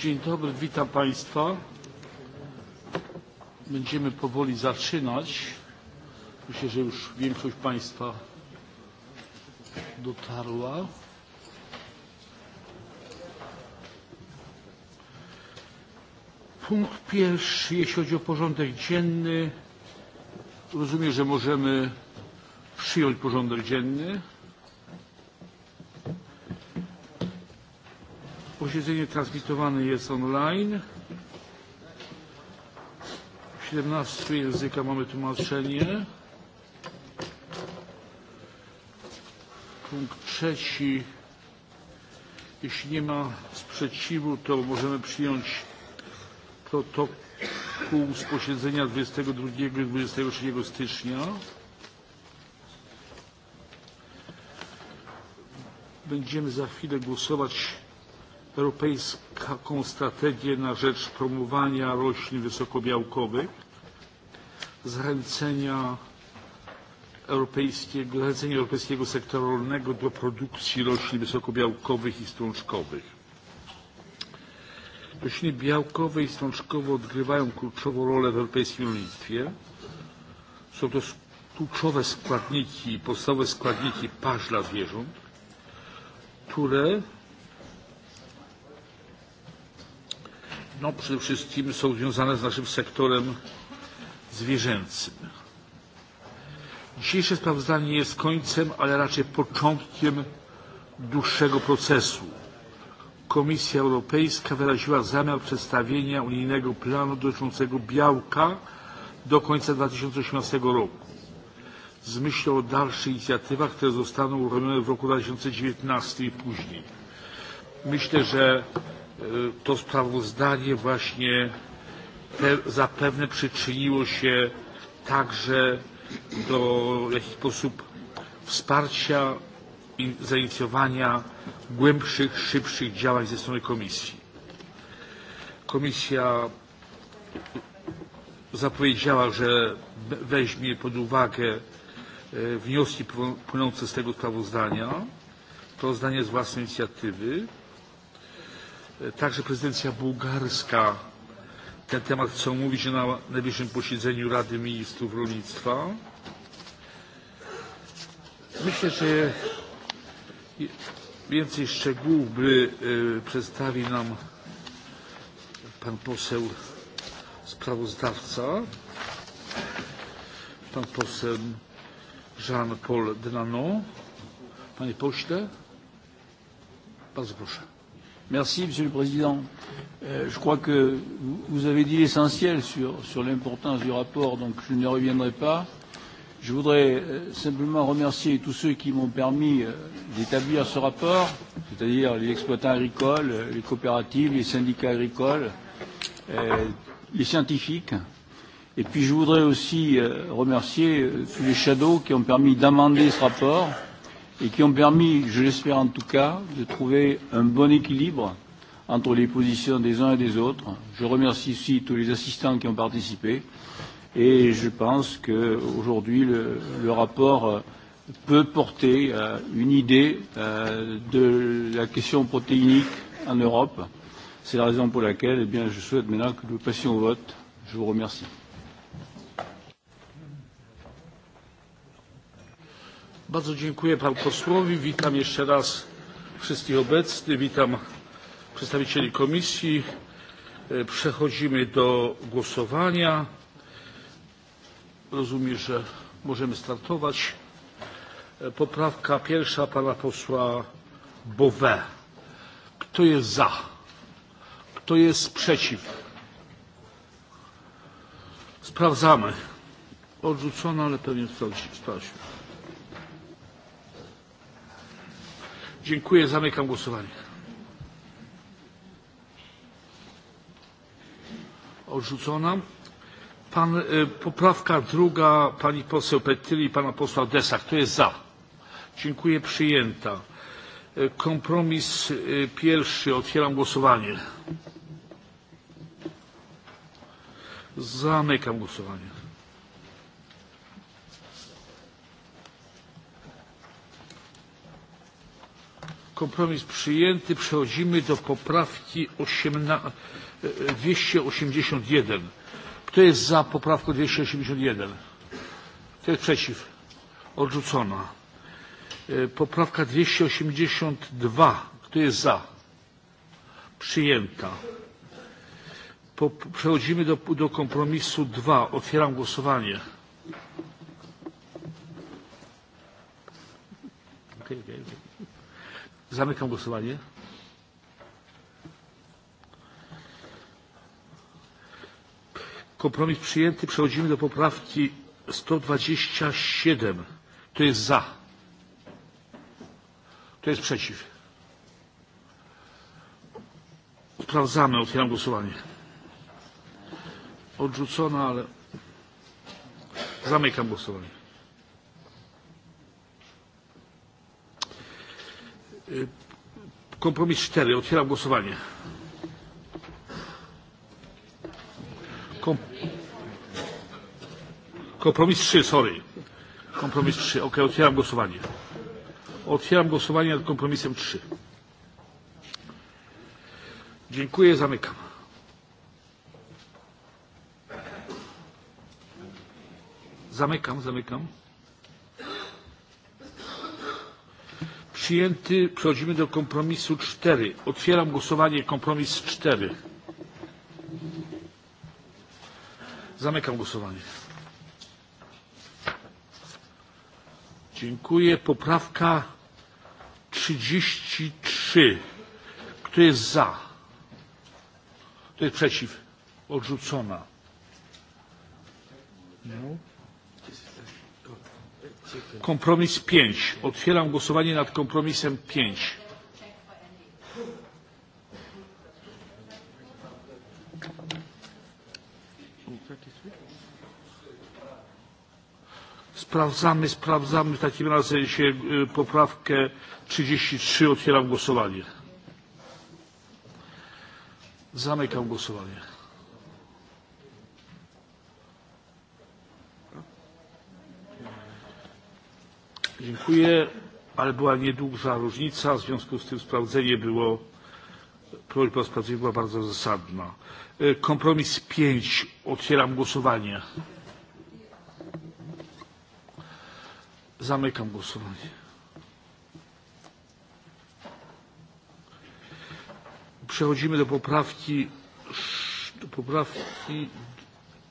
Dzień dobry, witam Państwa. Będziemy powoli zaczynać. Myślę, że już większość Państwa dotarła. Punkt pierwszy, jeśli chodzi o porządek dzienny, rozumiem, że możemy przyjąć porządek dzienny. Posiedzenie transmitowane jest online. 17 języka mamy tłumaczenie. Punkt trzeci. Jeśli nie ma sprzeciwu, to możemy przyjąć protokół z posiedzenia 22 i 23 stycznia. będziemy za chwilę głosować europejską strategię na rzecz promowania roślin wysokobiałkowych, zachęcenia europejskiego, zachęcenia europejskiego sektora rolnego do produkcji roślin wysokobiałkowych i strączkowych. Rośliny białkowe i strączkowe odgrywają kluczową rolę w europejskim rolnictwie. Są to kluczowe składniki, podstawowe składniki pasz dla zwierząt które no, przede wszystkim są związane z naszym sektorem zwierzęcym. Dzisiejsze sprawozdanie jest końcem, ale raczej początkiem dłuższego procesu. Komisja Europejska wyraziła zamiar przedstawienia unijnego planu dotyczącego białka do końca 2018 roku z myślą o dalszych inicjatywach, które zostaną uruchomione w roku 2019 i później. Myślę, że e, to sprawozdanie właśnie te zapewne przyczyniło się także do jakiś sposób wsparcia i zainicjowania głębszych, szybszych działań ze strony Komisji. Komisja zapowiedziała, że weźmie pod uwagę E, wnioski płynące z tego sprawozdania. To zdanie z własnej inicjatywy. E, także prezydencja bułgarska ten temat chce omówić na najbliższym posiedzeniu Rady Ministrów Rolnictwa. Myślę, że więcej szczegółów by e, przedstawił nam pan poseł sprawozdawca, pan poseł Jean-Paul Delannon. Panie pośle, bardzo proszę. Merci, Monsieur le Président. Euh, je crois que vous avez dit l'essentiel sur, sur l'importance du rapport, donc je ne reviendrai pas. Je voudrais euh, simplement remercier tous ceux qui m'ont permis euh, d'établir ce rapport, c'est-à-dire les exploitants agricoles, les coopératives, les syndicats agricoles, les scientifiques, Et puis je voudrais aussi euh, remercier euh, tous les shadows qui ont permis d'amender ce rapport et qui ont permis, je l'espère en tout cas, de trouver un bon équilibre entre les positions des uns et des autres. Je remercie aussi tous les assistants qui ont participé et je pense qu'aujourd'hui le, le rapport euh, peut porter une idée de la question protéinique en Europe. C'est la raison pour laquelle eh bien, je souhaite maintenant que nous passions au vote. Je vous remercie. bardzo dziękuję panu posłowi witam jeszcze raz wszystkich obecnych witam przedstawicieli komisji e, przechodzimy do głosowania rozumiem że możemy startować e, poprawka pierwsza pana posła bov'a kto jest za kto jest przeciw sprawdzamy odrzucona ale pewnie sprawdzi sprawdzi Dziękuję, zamykam głosowanie. Odrzucona. Pan, y, poprawka druga pani poseł Petyli i pana posła Desa. Kto jest za? Dziękuję, przyjęta. Kompromis pierwszy. Otwieram głosowanie. Zamykam głosowanie. kompromis przyjęty. Przechodzimy do poprawki 281. E, e, Kto jest za poprawką 281? Kto jest przeciw? Odrzucona. E, poprawka 282. Kto jest za? Przyjęta. Po, przechodzimy do, do kompromisu 2. Otwieram głosowanie. Okay, okay, okay. Zamykam głosowanie. Kompromis przyjęty. Przechodzimy do poprawki 127. Kto jest za? Kto jest przeciw? Sprawdzamy. Otwieram głosowanie. Odrzucona, ale zamykam głosowanie. Kompromis 4. Otwieram głosowanie. Kompromis 3, sorry. Kompromis 3. Ok, otwieram głosowanie. Otwieram głosowanie nad kompromisem 3. Dziękuję, zamykam. Zamykam, zamykam. przyjęty. Przechodzimy do kompromisu 4. Otwieram głosowanie kompromis 4. Zamykam głosowanie. Dziękuję. Poprawka 33. Kto jest za? Kto jest przeciw? Odrzucona. Nope kompromis pięć. Otwieram głosowanie nad kompromisem pięć. Sprawdzamy, sprawdzamy w takim razie się poprawkę 33. Otwieram głosowanie. Zamykam głosowanie. dziękuję ale była nieduża różnica w związku z tym sprawdzenie było prośba o sprawdzenie była bardzo zasadna. E, kompromis pięć otwieram głosowanie. zamykam głosowanie. przechodzimy do poprawki do poprawki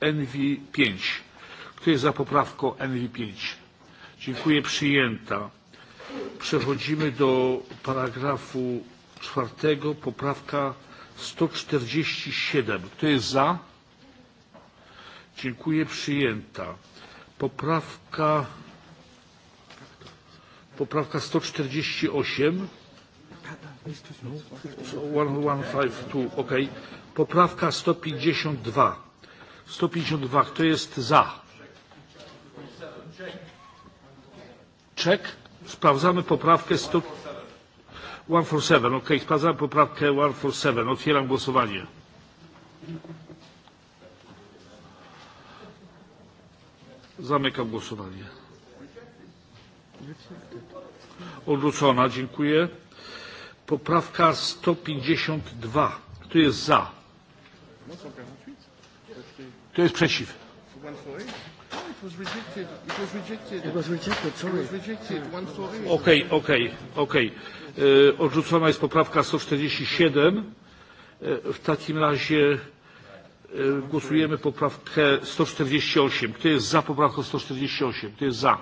NV5. Kto jest za poprawką NV5? dziękuję przyjęta. przechodzimy do paragrafu czwartego poprawka sto czterdzieści siedem kto jest za? dziękuję przyjęta. poprawka poprawka sto czterdzieści osiem poprawka sto pięćdziesiąt dwa sto pięćdziesiąt dwa kto jest za? Czek? Sprawdzamy poprawkę 100. One for seven. OK, sprawdzamy poprawkę one for seven. Otwieram głosowanie. Zamykam głosowanie. Odrzucona, dziękuję. Poprawka 152. Kto jest za? Kto jest przeciw? it was rejected. It was rejected. It was rejected. Sorry. It was rejected. One story. Okay, okay, okay. E, odrzucona jest poprawka 147. E, w takim razie e, głosujemy poprawkę 148. Kto jest za poprawką 148? Kto jest za?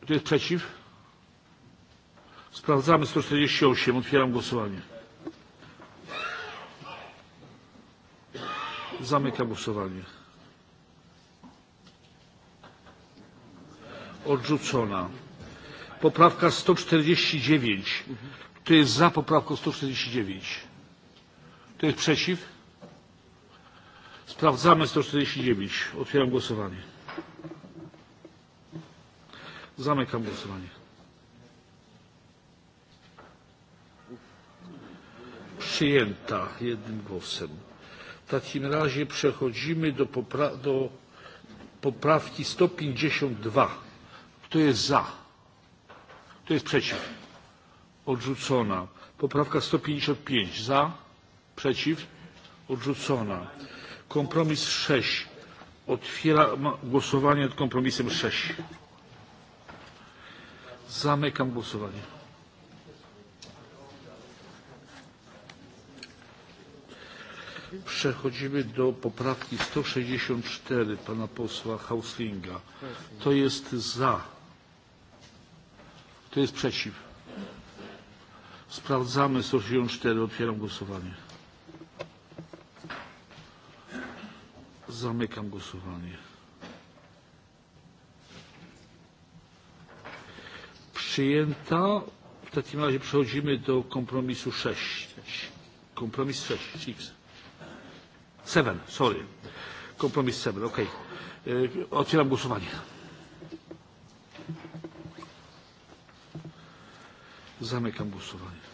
Kto jest przeciw? Sprawdzamy 148. Otwieram głosowanie. Zamykam głosowanie. odrzucona. Poprawka 149. Kto jest za poprawką 149? Kto jest przeciw? Sprawdzamy 149. Otwieram głosowanie. Zamykam głosowanie. Przyjęta jednym głosem. W takim razie przechodzimy do, popra do poprawki 152. Kto jest za? Kto jest przeciw? Odrzucona. Poprawka 155. Za? Przeciw? Odrzucona. Kompromis 6. Otwiera głosowanie nad kompromisem 6. Zamykam głosowanie. Przechodzimy do poprawki 164 pana posła Hauslinga. To jest za. Kto jest przeciw? Sprawdzamy 164. Otwieram głosowanie. Zamykam głosowanie. Przyjęta. W takim razie przechodzimy do kompromisu 6. Kompromis 6. 7. Sorry. Kompromis 7. OK. E, otwieram głosowanie. Zamykam głosowanie.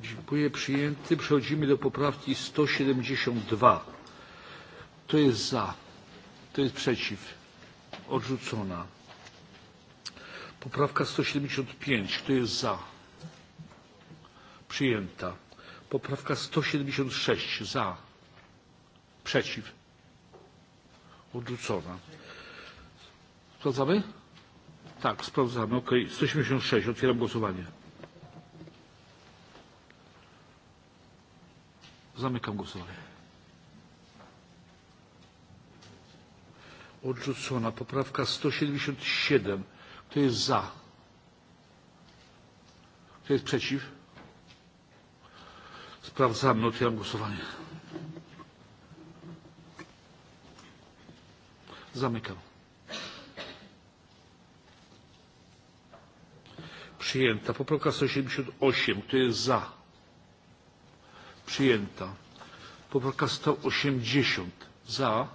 Dziękuję. Przyjęty. Przechodzimy do poprawki 172. To jest za. To jest przeciw. Odrzucona. Poprawka 175. Kto jest za? Przyjęta. Poprawka 176. Za. Przeciw. Odrzucona. Sprawdzamy? Tak, sprawdzamy. OK. 186. Otwieram głosowanie. Zamykam głosowanie. Odrzucona poprawka 177. Kto jest za? Kto jest przeciw? Sprawdzamy. Otwieram głosowanie. Zamykam. przyjęta. Poprawka 178, kto jest za? Przyjęta. Poprawka 180, za?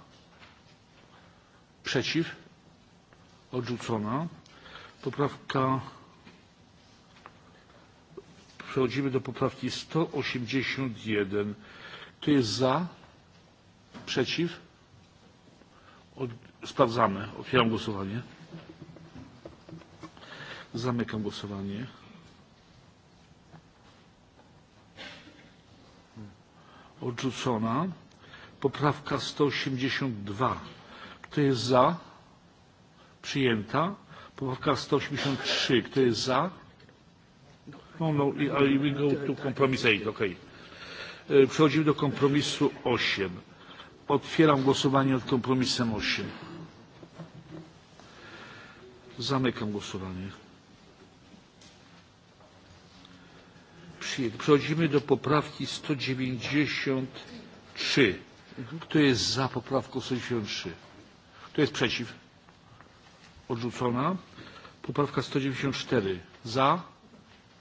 Przeciw? Odrzucona. Poprawka. Przechodzimy do poprawki 181. Kto jest za? Przeciw? Od... Sprawdzamy. Otwieram głosowanie. Zamykam głosowanie. Odrzucona. Poprawka 182. Kto jest za? Przyjęta. Poprawka 183. Kto jest za? No, no, ale we go to compromis 8. Okay. E, przechodzimy do kompromisu 8. Otwieram głosowanie nad kompromisem 8. Zamykam głosowanie. dyskusję. Przechodzimy do poprawki 193. Kto jest za poprawką 193? Kto jest przeciw? Odrzucona. Poprawka 194. Za?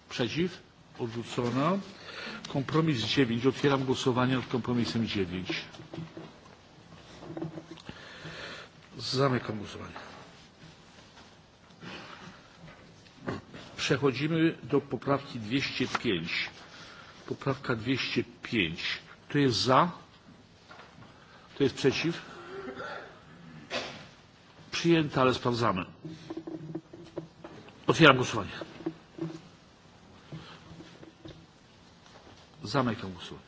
Przeciw? Odrzucona. Kompromis 9. Otwieram głosowanie nad kompromisem 9. Zamykam głosowanie. Przechodzimy do poprawki 205. Poprawka 205. Kto jest za? Kto jest przeciw? Przyjęta, ale sprawdzamy. Otwieram głosowanie. Zamykam głosowanie.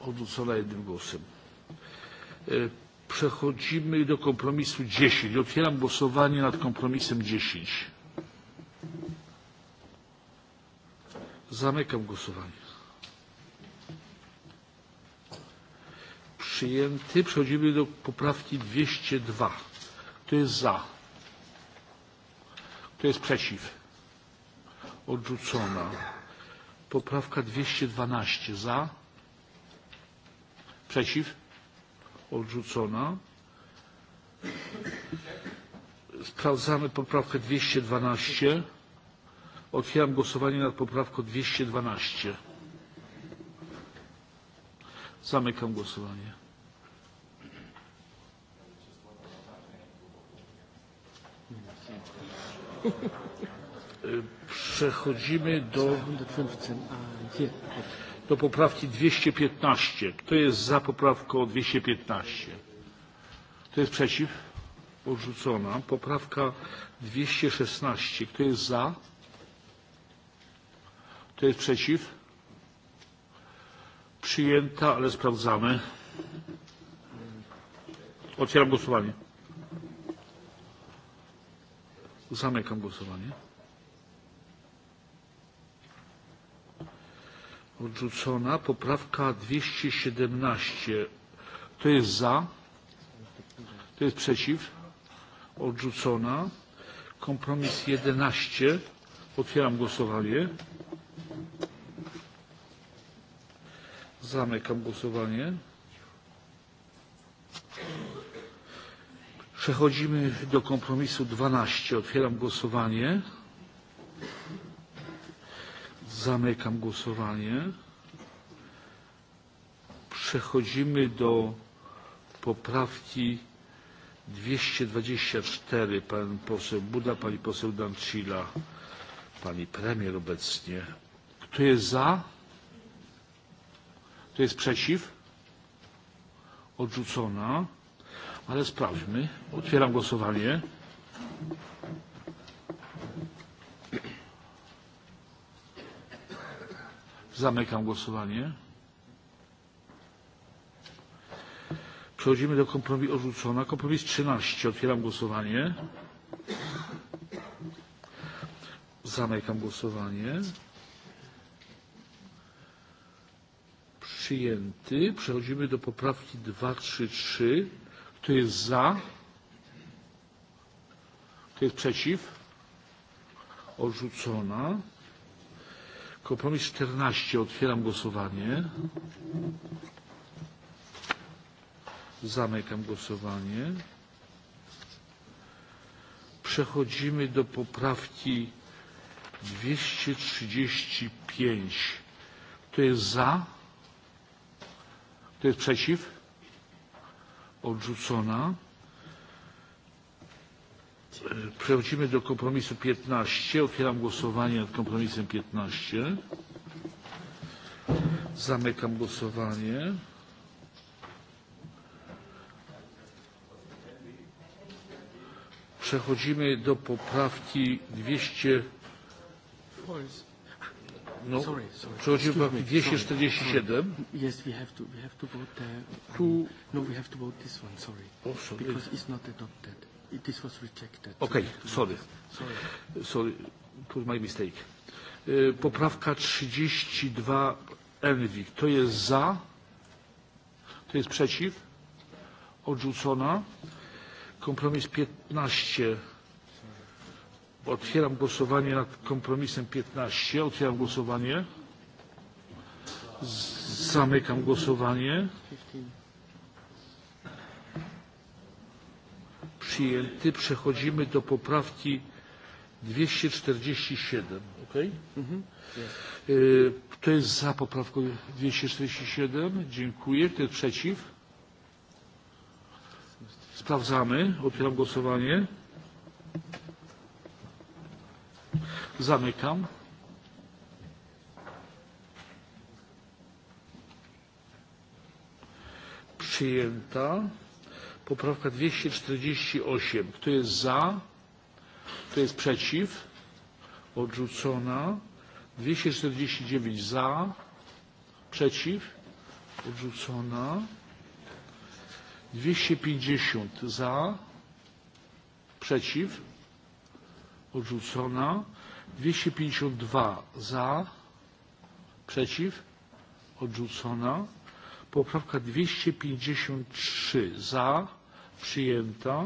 Odrzucona jednym głosem. E, Przechodzimy do kompromisu 10. Otwieram głosowanie nad kompromisem 10. Zamykam głosowanie. Przyjęty. Przechodzimy do poprawki 202. Kto jest za? Kto jest przeciw? Odrzucona. Poprawka 212. Za? Przeciw? odrzucona. Sprawdzamy poprawkę 212. Otwieram głosowanie nad poprawką 212. Zamykam głosowanie. Przechodzimy do do poprawki 215. Kto jest za poprawką 215? Kto jest przeciw? Odrzucona. Poprawka 216. Kto jest za? Kto jest przeciw? Przyjęta, ale sprawdzamy. Otwieram głosowanie. Zamykam głosowanie. odrzucona. Poprawka 217. Kto jest za? Kto jest przeciw? Odrzucona. Kompromis 11. Otwieram głosowanie. Zamykam głosowanie. Przechodzimy do kompromisu 12. Otwieram głosowanie. Zamykam głosowanie. Przechodzimy do poprawki 224. Pan poseł Buda, pani poseł Dancila, pani premier obecnie. Kto jest za? Kto jest przeciw? Odrzucona. Ale sprawdźmy. Otwieram głosowanie. Thank you. Zamykam głosowanie. Przechodzimy do kompromisu odrzucona. Kompromis 13. Otwieram głosowanie. Zamykam głosowanie. Przyjęty. Przechodzimy do poprawki 2, 3, 3. Kto jest za? Kto jest przeciw? Odrzucona. Kompromis 14. Otwieram głosowanie. Zamykam głosowanie. Przechodzimy do poprawki 235. Kto jest za? Kto jest przeciw? Odrzucona przechodzimy do kompromisu 15. Otwieram głosowanie nad kompromisem 15. Zamykam głosowanie. Przechodzimy do poprawki 200. No, przechodzimy do poprawki 247. Yes, we have to, we have to vote. Uh, The, um, no, we have to vote this one. Sorry, because it's not adopted this was rejected. Okay, no. sorry. Sorry. Sorry, it was my mistake. E, poprawka 32 Enwik. Kto jest za? Kto jest przeciw? Odrzucona. Kompromis 15. Otwieram głosowanie nad kompromisem 15. Otwieram głosowanie. Z zamykam głosowanie. 15. przyjęty. Przechodzimy do poprawki 247. Okay? Mhm. Kto jest za poprawką 247? Dziękuję. Kto jest przeciw? Sprawdzamy. Otwieram głosowanie. Zamykam. Przyjęta poprawka 248. Kto jest za? Kto jest przeciw? Odrzucona. 249 za. Przeciw? Odrzucona. 250 za. Przeciw? Odrzucona. 252 za. Przeciw? Odrzucona. Poprawka 253 za przyjęta.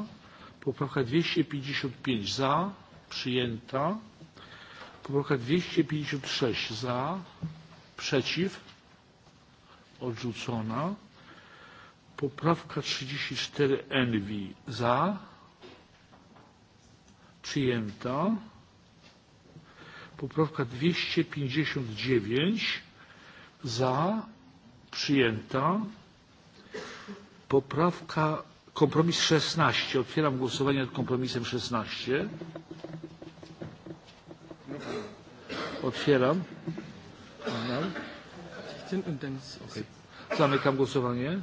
Poprawka 255 za, przyjęta. Poprawka 256 za, przeciw, odrzucona. Poprawka 34 NV za, przyjęta. Poprawka 259 za, przyjęta. Poprawka kompromis 16. Otwieram głosowanie nad kompromisem 16. Otwieram. Okay. Zamykam głosowanie.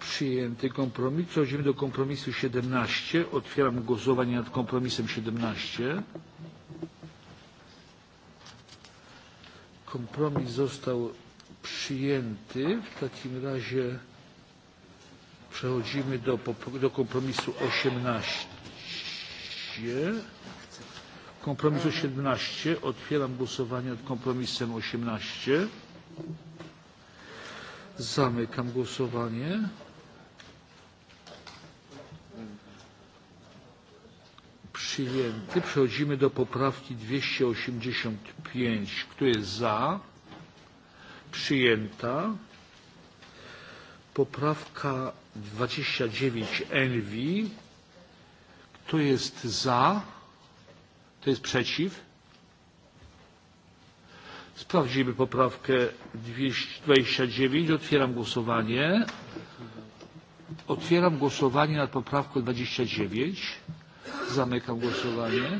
Przyjęty kompromis. Przechodzimy do kompromisu 17. Otwieram głosowanie nad kompromisem 17. Kompromis został przyjęty. W takim razie przechodzimy do, do kompromisu 18. Kompromis 18. Otwieram głosowanie nad kompromisem 18. Zamykam głosowanie. Przyjęty. Przechodzimy do poprawki 285. Kto jest za? przyjęta. Poprawka 29 Envi. Kto jest za? Kto jest przeciw? Sprawdzimy poprawkę 29. Otwieram głosowanie. Otwieram głosowanie nad poprawką 29. Zamykam głosowanie.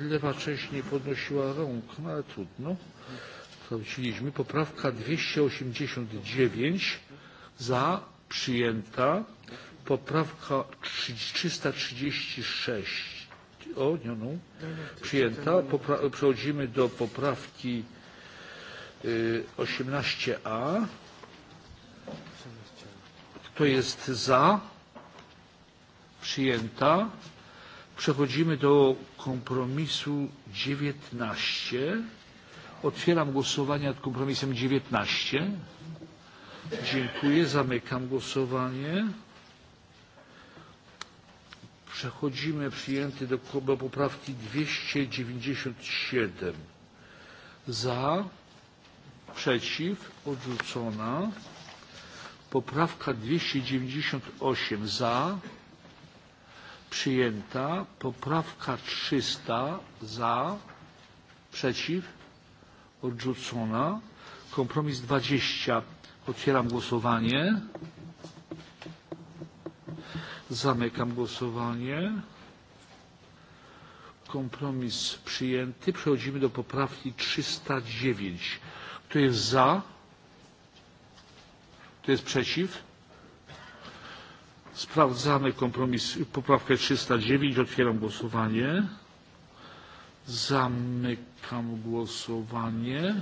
lewa część nie podnosiła rąk, no ale trudno. Sprawdziliśmy. Poprawka 289 za przyjęta. Poprawka 336 o, nie, no, przyjęta. Popra przechodzimy do poprawki 18a. Kto jest za? Przyjęta. Przechodzimy do kompromisu 19. Otwieram głosowanie nad kompromisem 19. Dziękuję. Zamykam głosowanie. Przechodzimy przyjęty do, do poprawki 297. Za. Przeciw. Odrzucona. Poprawka 298. Za przyjęta. Poprawka 300 za, przeciw, odrzucona. Kompromis 20. Otwieram głosowanie. Zamykam głosowanie. Kompromis przyjęty. Przechodzimy do poprawki 309. Kto jest za? Kto jest przeciw? Sprawdzamy kompromis, poprawkę 309. Otwieram głosowanie. Zamykam głosowanie.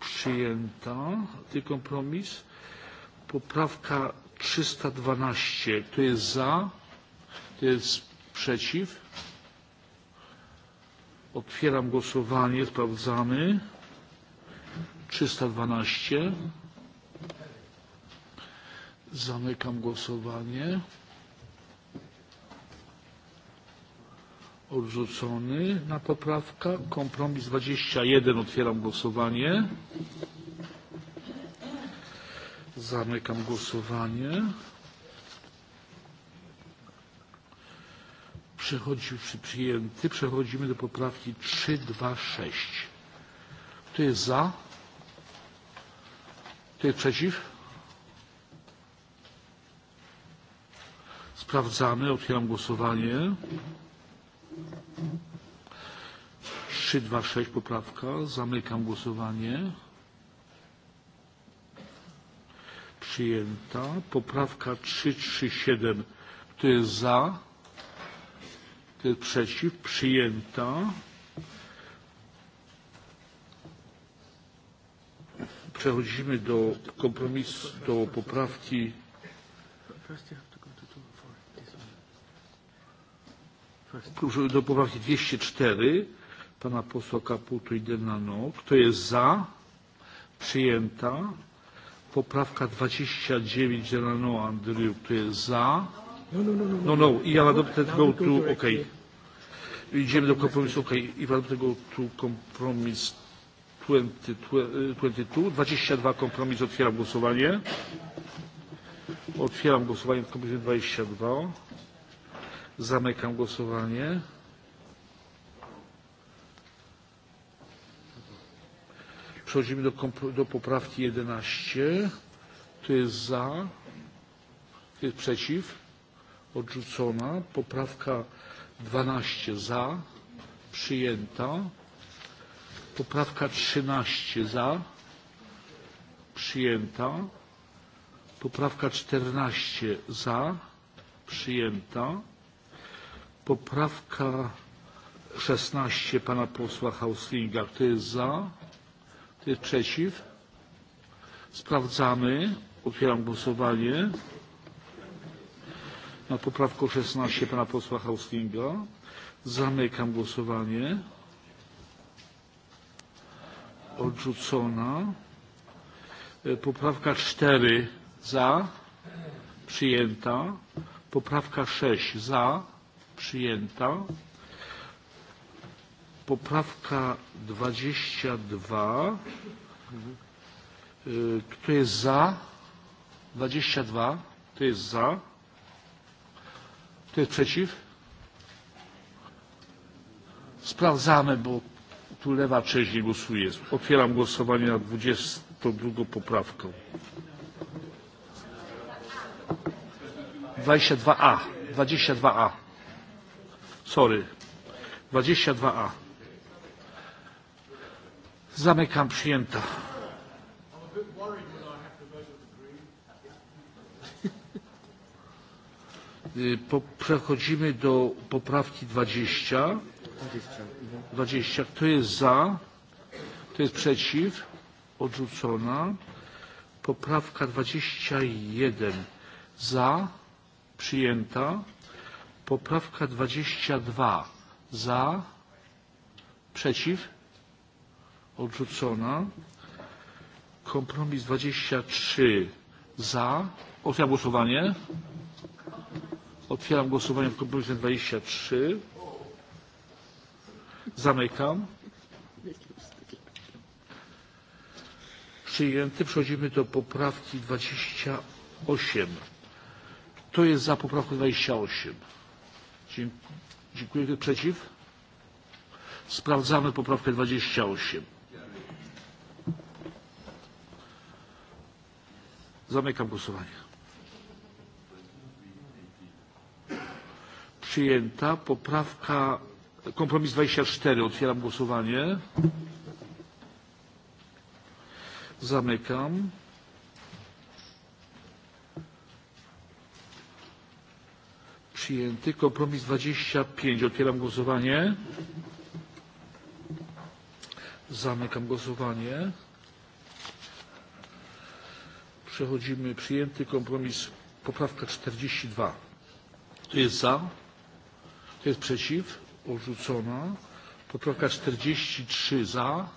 Przyjęta ten kompromis. Poprawka 312. Kto jest za? Kto jest przeciw? Otwieram głosowanie. Sprawdzamy. 312. Zamykam głosowanie. Odrzucony na poprawka. Kompromis 21. Otwieram głosowanie. Zamykam głosowanie. Przechodzi przy przyjęty. Przechodzimy do poprawki 3, 2, 6. Kto jest za? Kto jest przeciw? Sprawdzamy. Otwieram głosowanie. 3, 2, 6 poprawka. Zamykam głosowanie. Przyjęta. Poprawka 3, 3, 7. Kto jest za? Kto jest przeciw? Przyjęta. Przechodzimy do kompromisu, do poprawki. do poprawki 204 pana posła Kaputu i Denano. Kto jest za? Przyjęta. Poprawka 29 Denano Andryju. Kto jest za? No, no, no. no, no, no. no. I go tu. OK. Idziemy do no, no, kompromisu. OK. I tego tu kompromis 22. 22 kompromis. Otwieram głosowanie. Otwieram głosowanie w kompromisie 22. Zamykam głosowanie. Przechodzimy do, do poprawki 11. Kto jest za? Kto jest przeciw? Odrzucona. Poprawka 12 za. Przyjęta. Poprawka 13 za. Przyjęta. Poprawka 14 za. Przyjęta. Poprawka 16 pana posła Hauslinga. Kto jest za? Kto jest przeciw? Sprawdzamy. Otwieram głosowanie na poprawkę 16 pana posła Hauslinga. Zamykam głosowanie. Odrzucona. E, poprawka 4 za. Przyjęta. Poprawka 6 za przyjęta. Poprawka 22. Kto jest za? 22. Kto jest za? Kto jest przeciw? Sprawdzamy, bo tu lewa część nie głosuje. Otwieram głosowanie na 22 poprawkę. 22A. 22A. Sorry. 22A. Zamykam przyjęta. Po, przechodzimy do poprawki 20. 20. Kto jest za? Kto jest przeciw? Odrzucona. Poprawka 21. Za? Przyjęta. Poprawka 22. Za. Przeciw. Odrzucona. Kompromis 23. Za. Otwieram głosowanie. Otwieram głosowanie w kompromisie 23. Zamykam. Przyjęty. Przechodzimy do poprawki 28. Kto jest za poprawką 28? Dziękuję. Przeciw? Sprawdzamy poprawkę 28. Zamykam głosowanie. Przyjęta poprawka kompromis 24. Otwieram głosowanie. Zamykam. przyjęty. Kompromis 25. Otwieram głosowanie. Zamykam głosowanie. Przechodzimy. Przyjęty kompromis. Poprawka 42. Kto jest za? Kto jest przeciw? Odrzucona. Poprawka 43 za.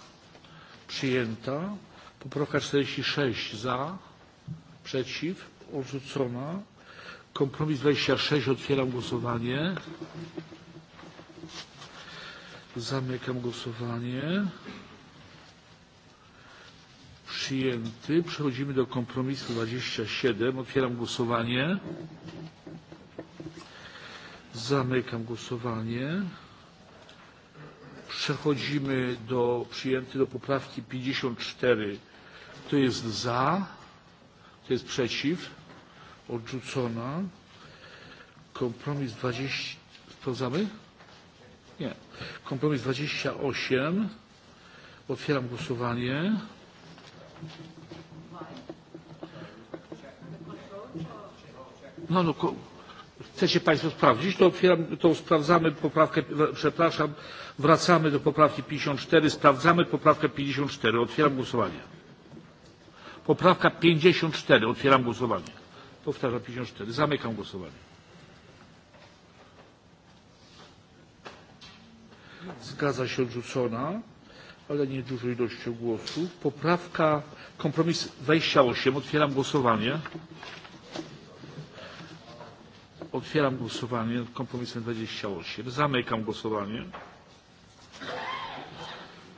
Przyjęta. Poprawka 46 za. Przeciw? Odrzucona kompromis 26 otwieram głosowanie. Zamykam głosowanie. Przyjęty. Przechodzimy do kompromisu 27. Otwieram głosowanie. Zamykam głosowanie. Przechodzimy do przyjęty do poprawki 54. Kto jest za? Kto jest przeciw? odrzucona. Kompromis 20. Sprawdzamy? Nie. Kompromis 28. Otwieram głosowanie. No, no, chcecie Państwo sprawdzić, to otwieram, to sprawdzamy poprawkę, przepraszam, wracamy do poprawki 54, sprawdzamy poprawkę 54, otwieram głosowanie. Poprawka 54, otwieram głosowanie. Powtarzam 54. Zamykam głosowanie. Zgadza się odrzucona, ale nie dużej ilością głosów. Poprawka, kompromis 28. Otwieram głosowanie. Otwieram głosowanie nad kompromisem 28. Zamykam głosowanie.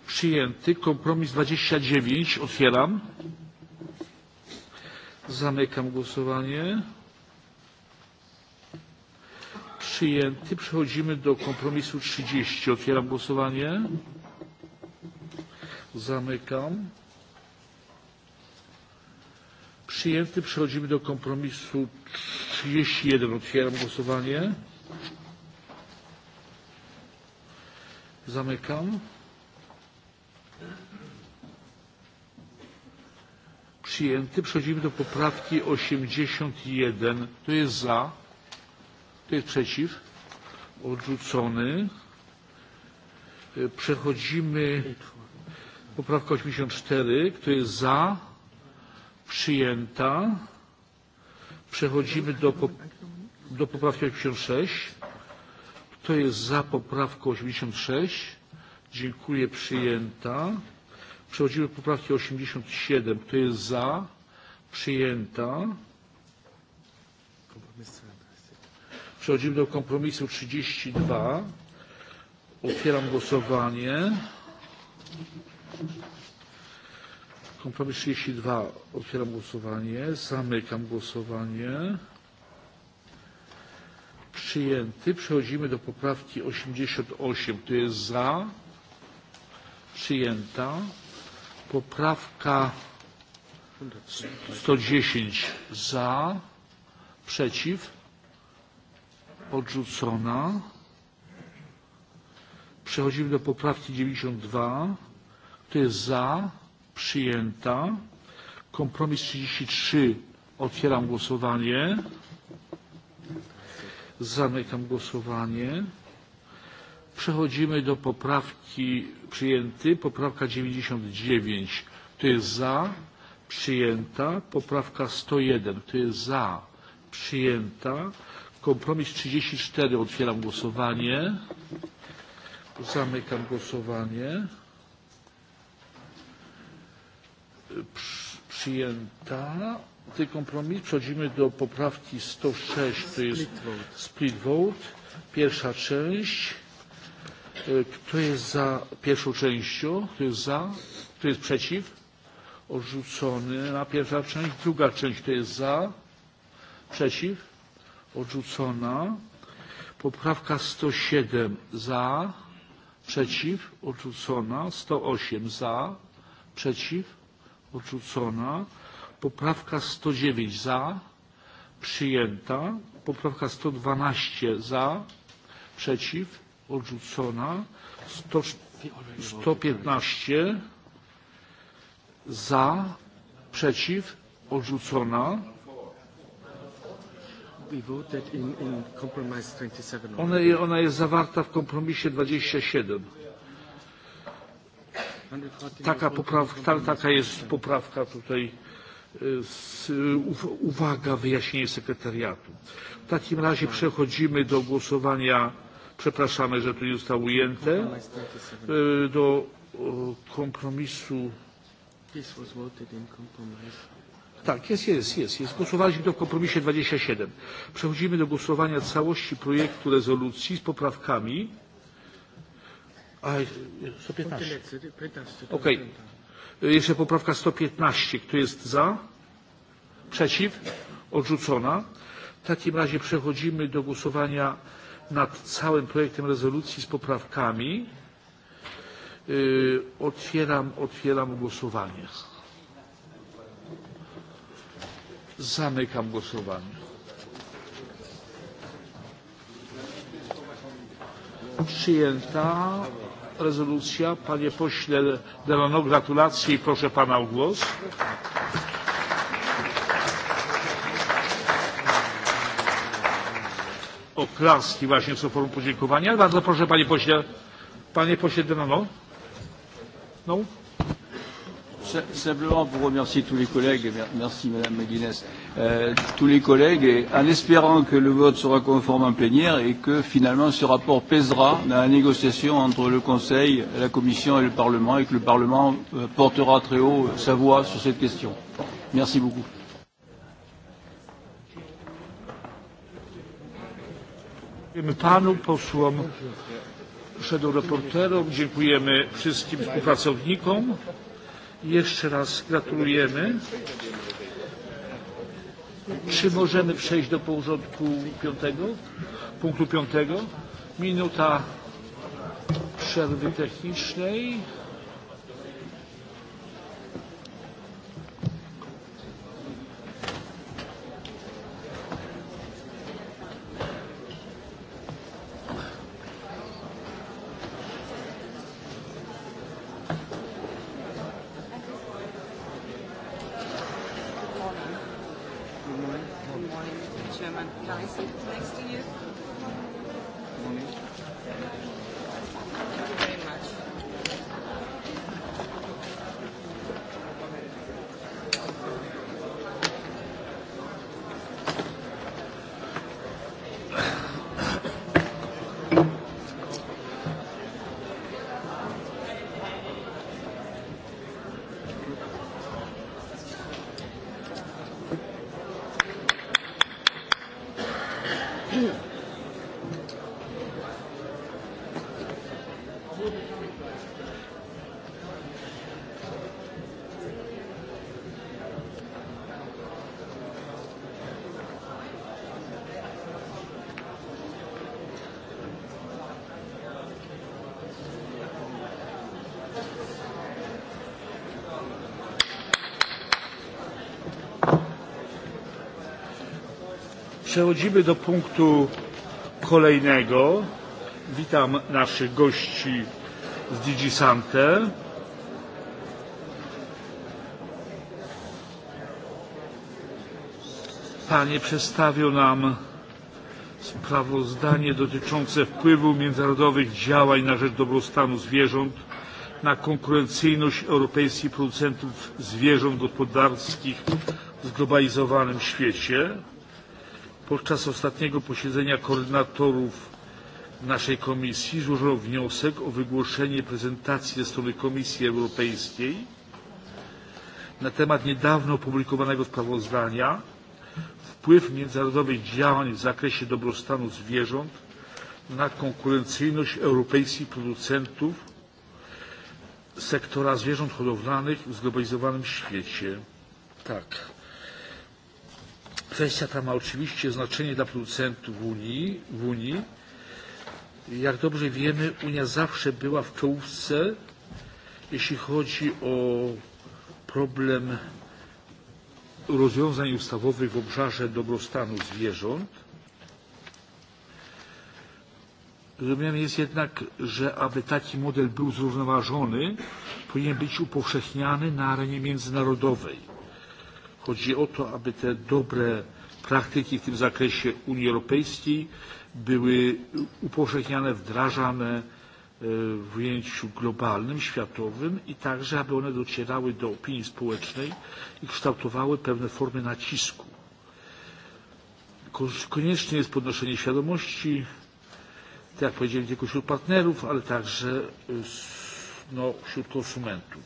Przyjęty kompromis 29. Otwieram. Zamykam głosowanie. Przyjęty. Przechodzimy do kompromisu 30. Otwieram głosowanie. Zamykam. Przyjęty. Przechodzimy do kompromisu 31. Otwieram głosowanie. Zamykam. przyjęty. Przechodzimy do poprawki 81. Kto jest za? Kto jest przeciw? Odrzucony. E, przechodzimy poprawka 84. Kto jest za? Przyjęta. Przechodzimy do, po, do poprawki 86. Kto jest za poprawką 86? Dziękuję. Przyjęta. Przechodzimy do poprawki 87. Kto jest za? Przyjęta. Przechodzimy do kompromisu 32. Otwieram głosowanie. Kompromis 32. Otwieram głosowanie. Zamykam głosowanie. Przyjęty. Przechodzimy do poprawki 88. Kto jest za? Przyjęta poprawka 110 za, przeciw, odrzucona. Przechodzimy do poprawki 92. Kto jest za? Przyjęta. Kompromis 33. Otwieram głosowanie. Zamykam głosowanie. Przechodzimy do poprawki przyjęty. Poprawka 99, kto jest za? Przyjęta. Poprawka 101, kto jest za? Przyjęta. Kompromis 34, otwieram głosowanie. Zamykam głosowanie. Przyjęta. Ty kompromis. Przechodzimy do poprawki 106, to jest split vote. Pierwsza część. E, kto jest za pierwszą częścią? Kto jest za? Kto jest przeciw? Odrzucony na pierwsza część. Druga część to jest za. Przeciw. Odrzucona. Poprawka 107 za. Przeciw. Odrzucona. 108 za. Przeciw. Odrzucona. Poprawka 109 za. Przyjęta. Poprawka 112 za. Przeciw odrzucona. 115 za, przeciw, odrzucona. Ona, ona jest zawarta w kompromisie 27. Taka, poprawka, taka jest poprawka tutaj. Z, uwaga, wyjaśnienie sekretariatu. W takim razie przechodzimy do głosowania przepraszamy, że to nie zostało ujęte e, do e, kompromisu. Tak, jest, jest, jest, jest. Głosowaliśmy to w kompromisie 27. Przechodzimy do głosowania całości projektu rezolucji z poprawkami. A, 115. Ok. E, jeszcze poprawka 115. Kto jest za? Przeciw? Odrzucona. W takim razie przechodzimy do głosowania nad całym projektem rezolucji z poprawkami. Otwieram, otwieram głosowanie. Zamykam głosowanie. 3 rezolucja. Panie pośle Delano, gratulacje i proszę pana o głos. Dziękuję. oklaski właśnie są formą podziękowania. Bardzo proszę panie pośle. Panie pośle Denano. No. Simplement pour remercier tous les collègues, merci Madame McGuinness, euh, tous les collègues, et en espérant que le vote sera conforme en plénière et que finalement ce rapport pèsera dans la négociation entre le Conseil, la Commission et le Parlement, et que le Parlement euh, portera très haut sa voix sur cette question. Merci beaucoup. Dziękujemy panu, posłom, szedł reporterom. Dziękujemy wszystkim współpracownikom. Jeszcze raz gratulujemy. Czy możemy przejść do porządku piątego? Punktu piątego. Minuta przerwy technicznej. Przechodzimy do punktu kolejnego. Witam naszych gości z DigiSante. Panie przedstawią nam sprawozdanie dotyczące wpływu międzynarodowych działań na rzecz dobrostanu zwierząt na konkurencyjność europejskich producentów zwierząt gospodarskich w zglobalizowanym świecie podczas ostatniego posiedzenia koordynatorów naszej komisji złożono wniosek o wygłoszenie prezentacji ze strony Komisji Europejskiej na temat niedawno opublikowanego sprawozdania Wpływ międzynarodowych działań w zakresie dobrostanu zwierząt na konkurencyjność europejskich producentów sektora zwierząt hodowlanych w zglobalizowanym świecie. Tak. Kwestia ta ma oczywiście znaczenie dla producentów w Unii. W Unii. Jak dobrze wiemy, Unia zawsze była w czołówce, jeśli chodzi o problem rozwiązań ustawowych w obszarze dobrostanu zwierząt. Rozumiem jest jednak, że aby taki model był zrównoważony, powinien być upowszechniany na arenie międzynarodowej. Chodzi o to, aby te dobre praktyki w tym zakresie Unii Europejskiej były upowszechniane, wdrażane e, w ujęciu globalnym, światowym i także, aby one docierały do opinii społecznej i kształtowały pewne formy nacisku. Konieczne jest podnoszenie świadomości, tak jak powiedziałem, nie tylko wśród partnerów, ale także e, no, wśród konsumentów.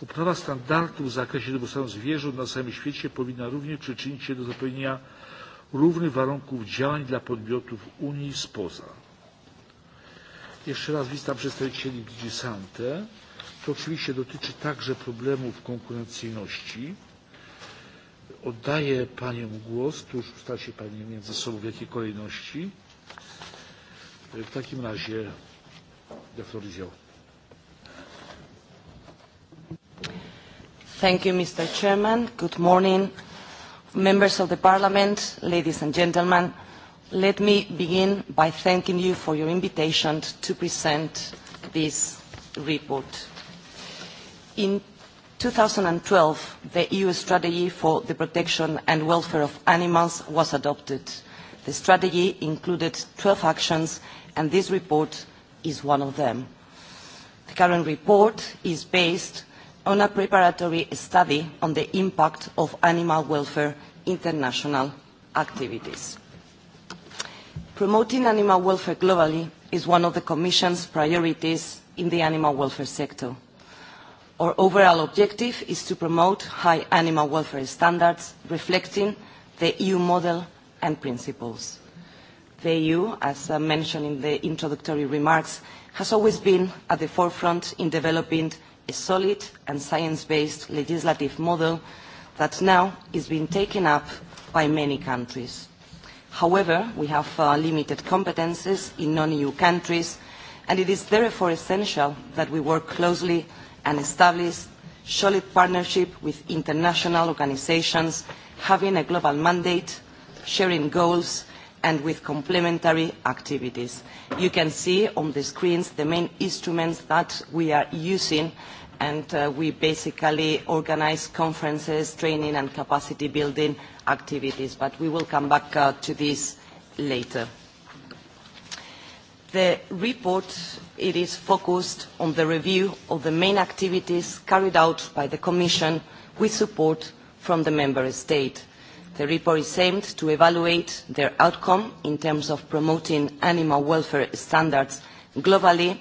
Poprawa standardów w zakresie dobrostanu zwierząt na całym świecie powinna również przyczynić się do zapewnienia równych warunków działań dla podmiotów Unii spoza. Jeszcze raz witam przedstawicieli Gdzie To oczywiście dotyczy także problemów konkurencyjności. Oddaję Panią głos. Tu już ustal się Pani między sobą w jakiej kolejności. W takim razie de Florizio. Thank you, Mr. Chairman. Good morning, members of the Parliament, ladies and gentlemen. Let me begin by thanking you for your invitation to present this report. In 2012, the EU strategy for the protection and welfare of animals was adopted. The strategy included 12 actions, and this report is one of them. The current report is based on a preparatory study on the impact of animal welfare international activities. Promoting animal welfare globally is one of the Commission's priorities in the animal welfare sector. Our overall objective is to promote high animal welfare standards reflecting the EU model and principles. The EU, as uh, mentioned in the introductory remarks, has always been at the forefront in developing a solid and science-based legislative model that now is being taken up by many countries. However, we have uh, limited competences in non-EU countries, and it is therefore essential that we work closely and establish solid partnership with international organizations having a global mandate, sharing goals, and with complementary activities. You can see on the screens the main instruments that we are using and uh, we basically organize conferences, training and capacity building activities, but we will come back uh, to this later. The report, it is focused on the review of the main activities carried out by the Commission with support from the Member State. The report is aimed to evaluate their outcome in terms of promoting animal welfare standards globally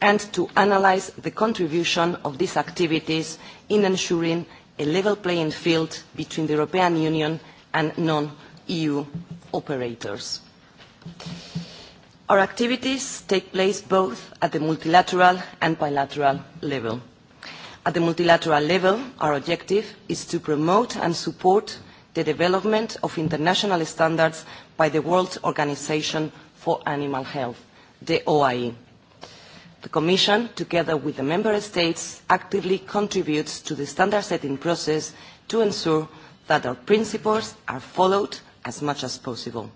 and to analyze the contribution of these activities in ensuring a level playing field between the European Union and non-EU operators. Our activities take place both at the multilateral and bilateral level. At the multilateral level, our objective is to promote and support the development of international standards by the World Organization for Animal Health, the OIE. The Commission, together with the Member States, actively contributes to the standard setting process to ensure that our principles are followed as much as possible.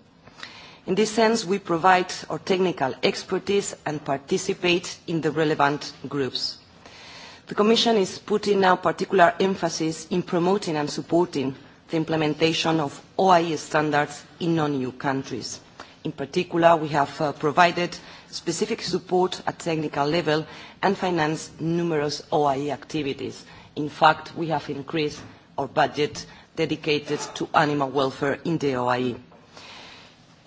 In this sense, we provide our technical expertise and participate in the relevant groups. The Commission is putting now particular emphasis in promoting and supporting the implementation of OIE standards in non-EU countries. In particular, we have uh, provided specific support at technical level and finance numerous OIE activities. In fact, we have increased our budget dedicated to animal welfare in the OIE.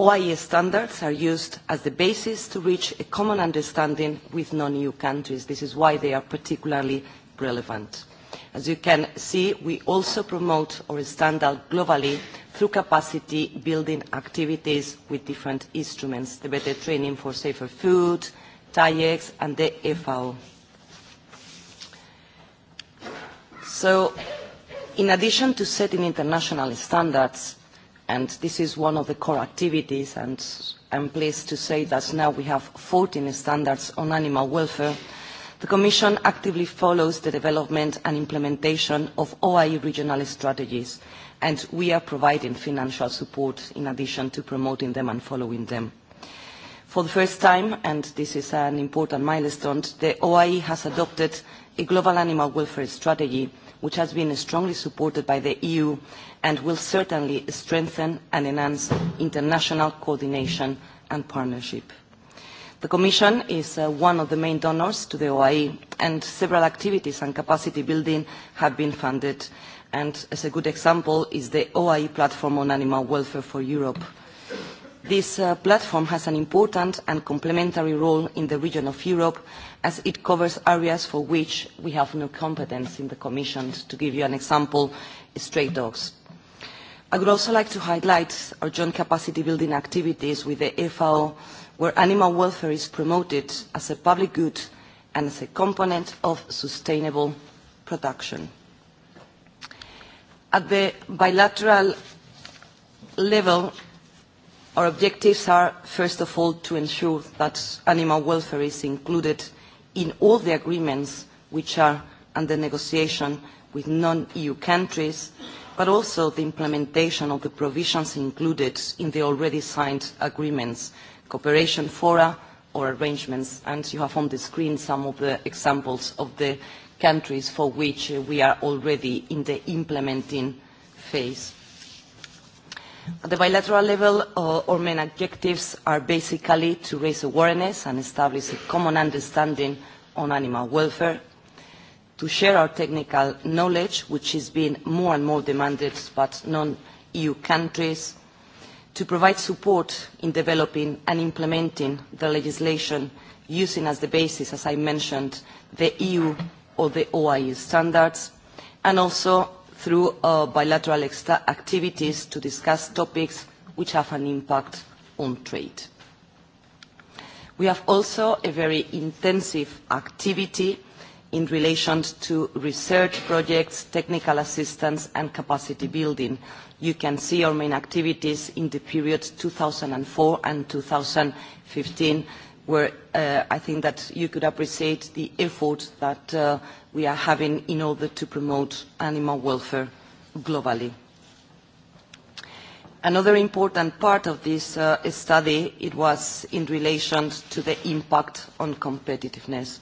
OIE standards are used as the basis to reach a common understanding with non-EU countries. This is why they are particularly relevant. As you can see, we also promote our standard globally through capacity building activities with different instruments, the better training for safer food, TIEX, and the e FAO. So in addition to setting international standards, and this is one of the core activities, and I'm pleased to say that now we have 14 standards on animal welfare, the Commission actively follows the development and implementation of OIE regional strategies, and we are providing financial support in addition to promoting them and following them. For the first time, and this is an important milestone, the OIE has adopted a global animal welfare strategy, which has been strongly supported by the EU and will certainly strengthen and enhance international coordination and partnership. The Commission is uh, one of the main donors to the OIE, and several activities and capacity building have been funded, and as a good example is the OIE platform on animal welfare for Europe. This uh, platform has an important and complementary role in the region of Europe as it covers areas for which we have no competence in the Commission. To give you an example, stray dogs. I would also like to highlight our joint capacity building activities with the FAO where animal welfare is promoted as a public good and as a component of sustainable production. At the bilateral level, our objectives are, first of all, to ensure that animal welfare is included in all the agreements which are under negotiation with non-EU countries, but also the implementation of the provisions included in the already signed agreements, cooperation fora or arrangements. You have on the screen some of the examples of the countries for which uh, we are already in the implementing phase. At the bilateral level, uh, our main objectives are basically to raise awareness and establish a common understanding on animal welfare, to share our technical knowledge, which is being more and more demanded by non-EU countries, to provide support in developing and implementing the legislation using as the basis, as I mentioned, the EU or the OIE standards, and also through uh, bilateral extra activities to discuss topics which have an impact on trade. We have also a very intensive activity in relation to research projects, technical assistance, and capacity building. You can see our main activities in the period 2004 and 2015 where uh, I think that you could appreciate the effort that uh, we are having in order to promote animal welfare globally. Another important part of this uh, study, it was in relation to the impact on competitiveness.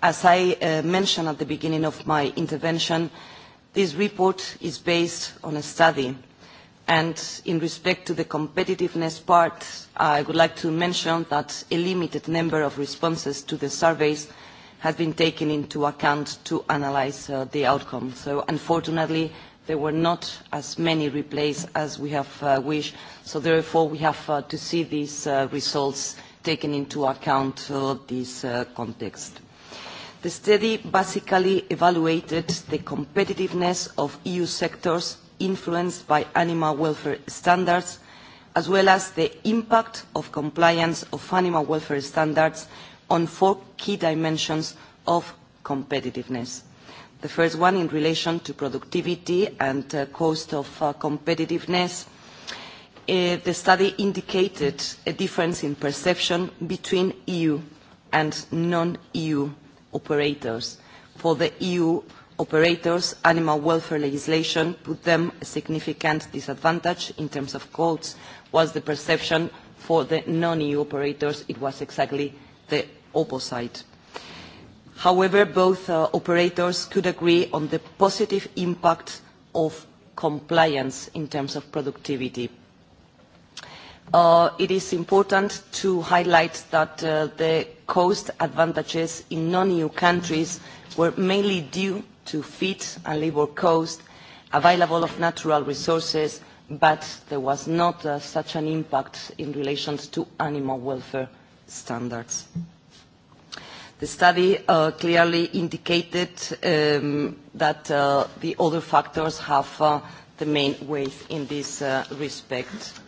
As I uh, mentioned at the beginning of my intervention, this report is based on a study And in respect to the competitiveness part, I would like to mention that a limited number of responses to the surveys has been taken into account to analyze uh, the outcome. So unfortunately, there were not as many replays as we have uh, wished. So therefore, we have uh, to see these uh, results taken into account uh, this uh, context. The study basically evaluated the competitiveness of EU sectors influenced by animal welfare standards, as well as the impact of compliance of animal welfare standards on four key dimensions of competitiveness. The first one in relation to productivity and uh, cost of uh, competitiveness. Uh, the study indicated a difference in perception between EU and non-EU operators. For the EU operators, animal welfare legislation put them a significant disadvantage in terms of quotes, whilst the perception for the non-EU operators, it was exactly the opposite. However, both uh, operators could agree on the positive impact of compliance in terms of productivity. Uh, it is important to highlight that uh, the cost advantages in non-EU countries were mainly due to feed a labor cost, available of natural resources, but there was not uh, such an impact in relation to animal welfare standards. The study uh, clearly indicated um, that uh, the other factors have uh, the main weight in this uh, respect.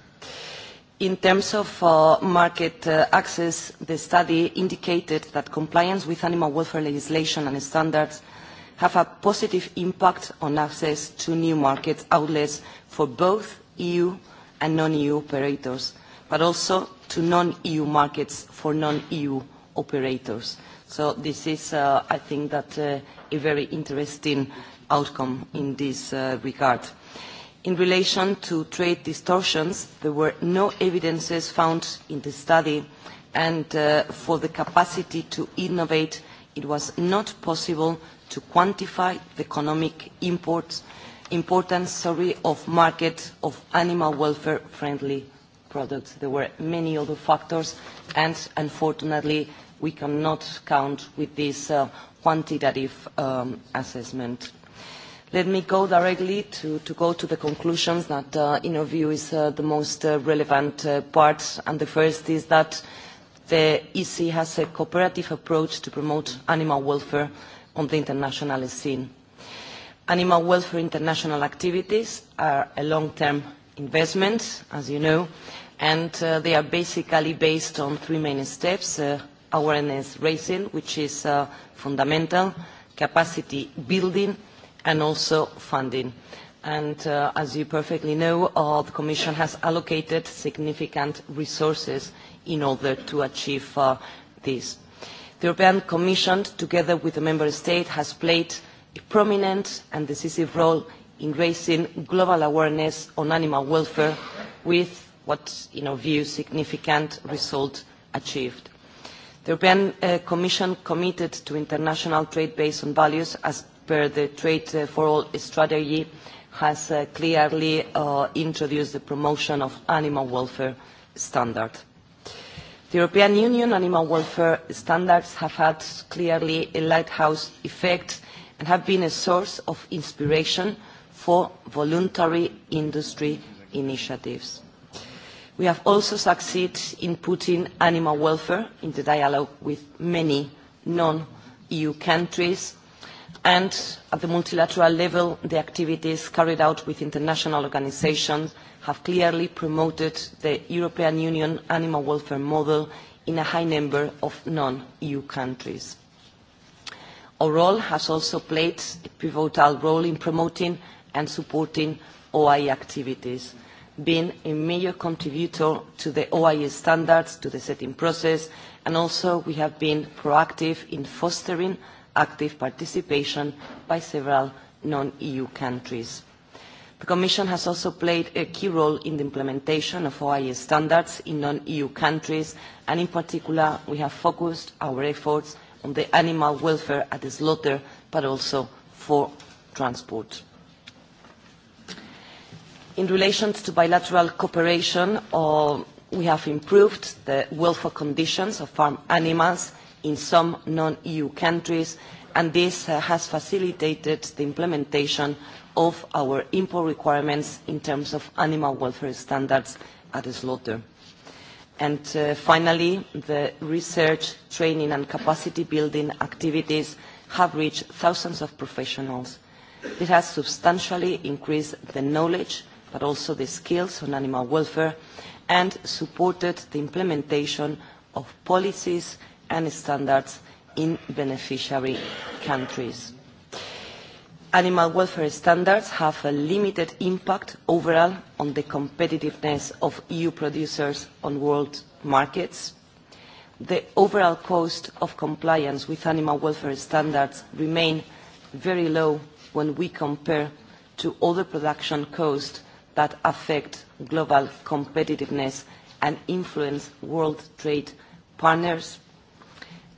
In terms of uh, market uh, access, the study indicated that compliance with animal welfare legislation and standards have a positive impact on access to new market outlets for both EU and non-EU operators, but also to non-EU markets for non-EU operators. This is, uh, I think that, uh, a very interesting outcome in this uh, regard. In relation to trade distortions, there were no evidences found in the study, and for the capacity to innovate, it was not possible to quantify the economic imports, importance sorry, of market of animal welfare friendly products. There were many other factors and unfortunately we cannot count with this uh, quantitative um, assessment. Let me go directly to, to go to the conclusions that uh, in our view is uh, the most uh, relevant uh, part and the first is that the EC has a cooperative approach to promote animal welfare on the international scene. Animal welfare international activities are a long-term investment, as you know, and uh, they are basically based on three main steps. Uh, awareness raising, which is uh, fundamental, capacity building, and also funding. And uh, as you perfectly know, uh, the Commission has allocated significant resources in order to achieve uh, this the European Commission, together with the Member States, has played a prominent and decisive role in raising global awareness on animal welfare with what, in our view, significant result achieved. The European uh, Commission committed to international trade based on values as per the Trade uh, for All strategy has uh, clearly uh, introduced the promotion of animal welfare standards. The European Union animal welfare standards have had clearly a lighthouse effect and have been a source of inspiration for voluntary industry initiatives. We have also succeeded in putting animal welfare in the dialogue with many non-EU countries and at the multilateral level the activities carried out with international organisations have clearly promoted the european union animal welfare model in a high number of non eu countries. our role has also played a pivotal role in promoting and supporting oi e activities being a major contributor to the oie standards to the setting process and also we have been proactive in fostering active participation by several non-EU countries. The Commission has also played a key role in the implementation of OIE standards in non-EU countries, and in particular, we have focused our efforts on the animal welfare at the slaughter, but also for transport. In relation to bilateral cooperation, uh, we have improved the welfare conditions of farm animals in some non-EU countries, and this uh, has facilitated the implementation of our import requirements in terms of animal welfare standards at the slaughter. And uh, finally, the research, training and capacity building activities have reached thousands of professionals. It has substantially increased the knowledge, but also the skills on animal welfare, and supported the implementation of policies and standards in beneficiary countries. Animal welfare standards have a limited impact overall on the competitiveness of EU producers on world markets. The overall cost of compliance with animal welfare standards remain very low when we compare to other production costs that affect global competitiveness and influence world trade partners.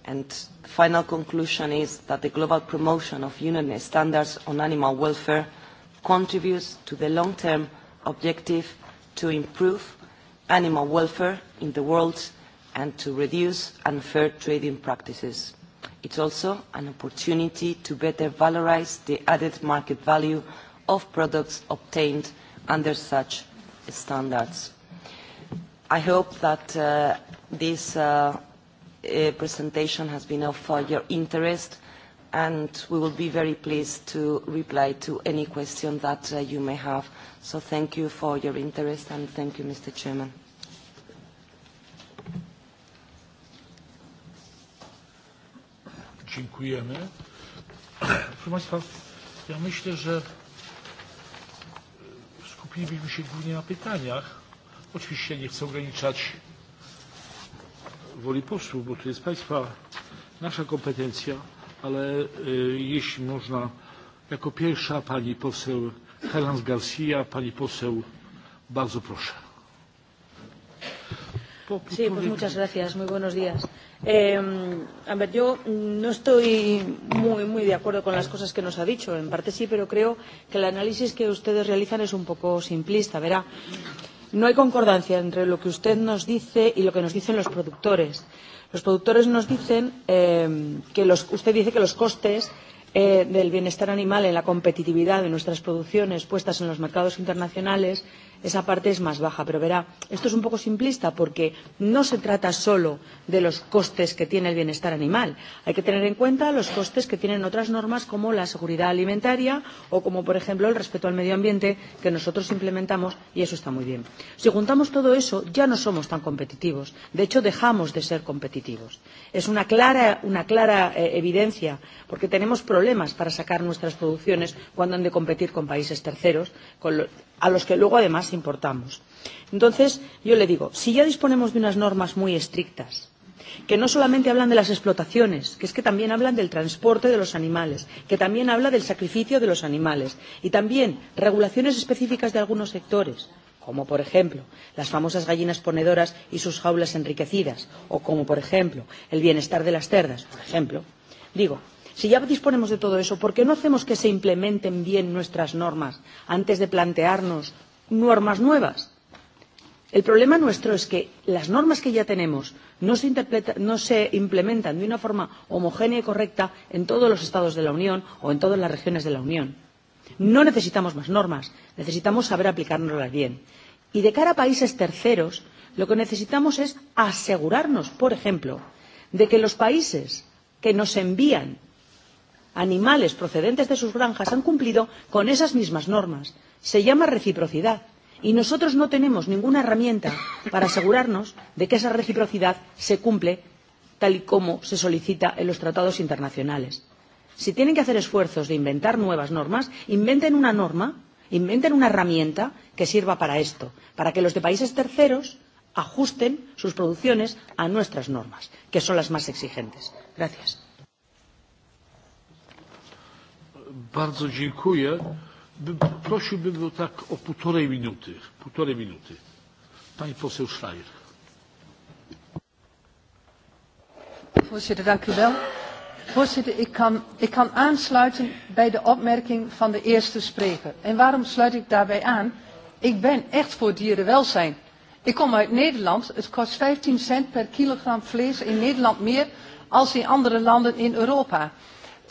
And the final conclusion is that the global promotion of unanimous standards on animal welfare contributes to the long-term objective to improve animal welfare in the world and to reduce unfair trading practices. It's also an opportunity to better valorize the added market value of products obtained under such standards. I hope that uh, this uh, Uh, presentation has been of your interest, and we will be very pleased to reply to any question that uh, you may have. Thank you for your interest, and thank you, Mr. Chairman. Dziękujemy. Proszę Państwa, ja myślę, że skupilibyśmy się głównie na pytaniach. Oczywiście nie chcę ograniczać woli posłów, bo to jest Państwa nasza kompetencja, ale e, jeśli można, jako pierwsza Pani poseł Helans Garcia, Pani poseł, bardzo proszę. Sí, pues muchas gracias. Muy buenos días. Eh, a ver, yo no estoy muy, muy de acuerdo con las cosas que nos ha dicho. En parte sí, pero creo que el análisis que ustedes realizan es un poco simplista. Verá, No hay concordancia entre lo que usted nos dice y lo que nos dicen los productores. Los productores nos dicen eh, que los, usted dice que los costes eh, del bienestar animal en la competitividad de nuestras producciones puestas en los mercados internacionales esa parte es más baja. Pero verá, esto es un poco simplista porque no se trata solo de los costes que tiene el bienestar animal. Hay que tener en cuenta los costes que tienen otras normas como la seguridad alimentaria o como, por ejemplo, el respeto al medio ambiente que nosotros implementamos y eso está muy bien. Si juntamos todo eso, ya no somos tan competitivos. De hecho, dejamos de ser competitivos. Es una clara, una clara eh, evidencia porque tenemos problemas para sacar nuestras producciones cuando han de competir con países terceros, con lo, a los que luego además importamos. Entonces, yo le digo, si ya disponemos de unas normas muy estrictas, que no solamente hablan de las explotaciones, que es que también hablan del transporte de los animales, que también habla del sacrificio de los animales y también regulaciones específicas de algunos sectores, como por ejemplo las famosas gallinas ponedoras y sus jaulas enriquecidas, o como por ejemplo el bienestar de las cerdas, por ejemplo. Digo, Si ya disponemos de todo eso, ¿por qué no hacemos que se implementen bien nuestras normas antes de plantearnos normas nuevas? El problema nuestro es que las normas que ya tenemos no se, no se implementan de una forma homogénea y correcta en todos los estados de la Unión o en todas las regiones de la Unión. No necesitamos más normas, necesitamos saber aplicárnoslas bien. Y de cara a países terceros, lo que necesitamos es asegurarnos, por ejemplo, de que los países que nos envían animales procedentes de sus granjas han cumplido con esas mismas normas. Se llama reciprocidad y nosotros no tenemos ninguna herramienta para asegurarnos de que esa reciprocidad se cumple tal y como se solicita en los tratados internacionales. Si tienen que hacer esfuerzos de inventar nuevas normas, inventen una norma, inventen una herramienta que sirva para esto, para que los de países terceros ajusten sus producciones a nuestras normas, que son las más exigentes. Gracias bardzo dziękuję. By, prosiłbym o tak o półtorej minuty. Półtorej minuty. Pani poseł Schreier. Voorzitter, dank u wel. Voorzitter, ik kan, ik kan aansluiten bij de opmerking van de eerste spreker. En waarom sluit ik daarbij aan? Ik ben echt voor dierenwelzijn. Ik kom uit Nederland. Het kost 15 cent per kilogram vlees in Nederland meer als in andere landen in Europa.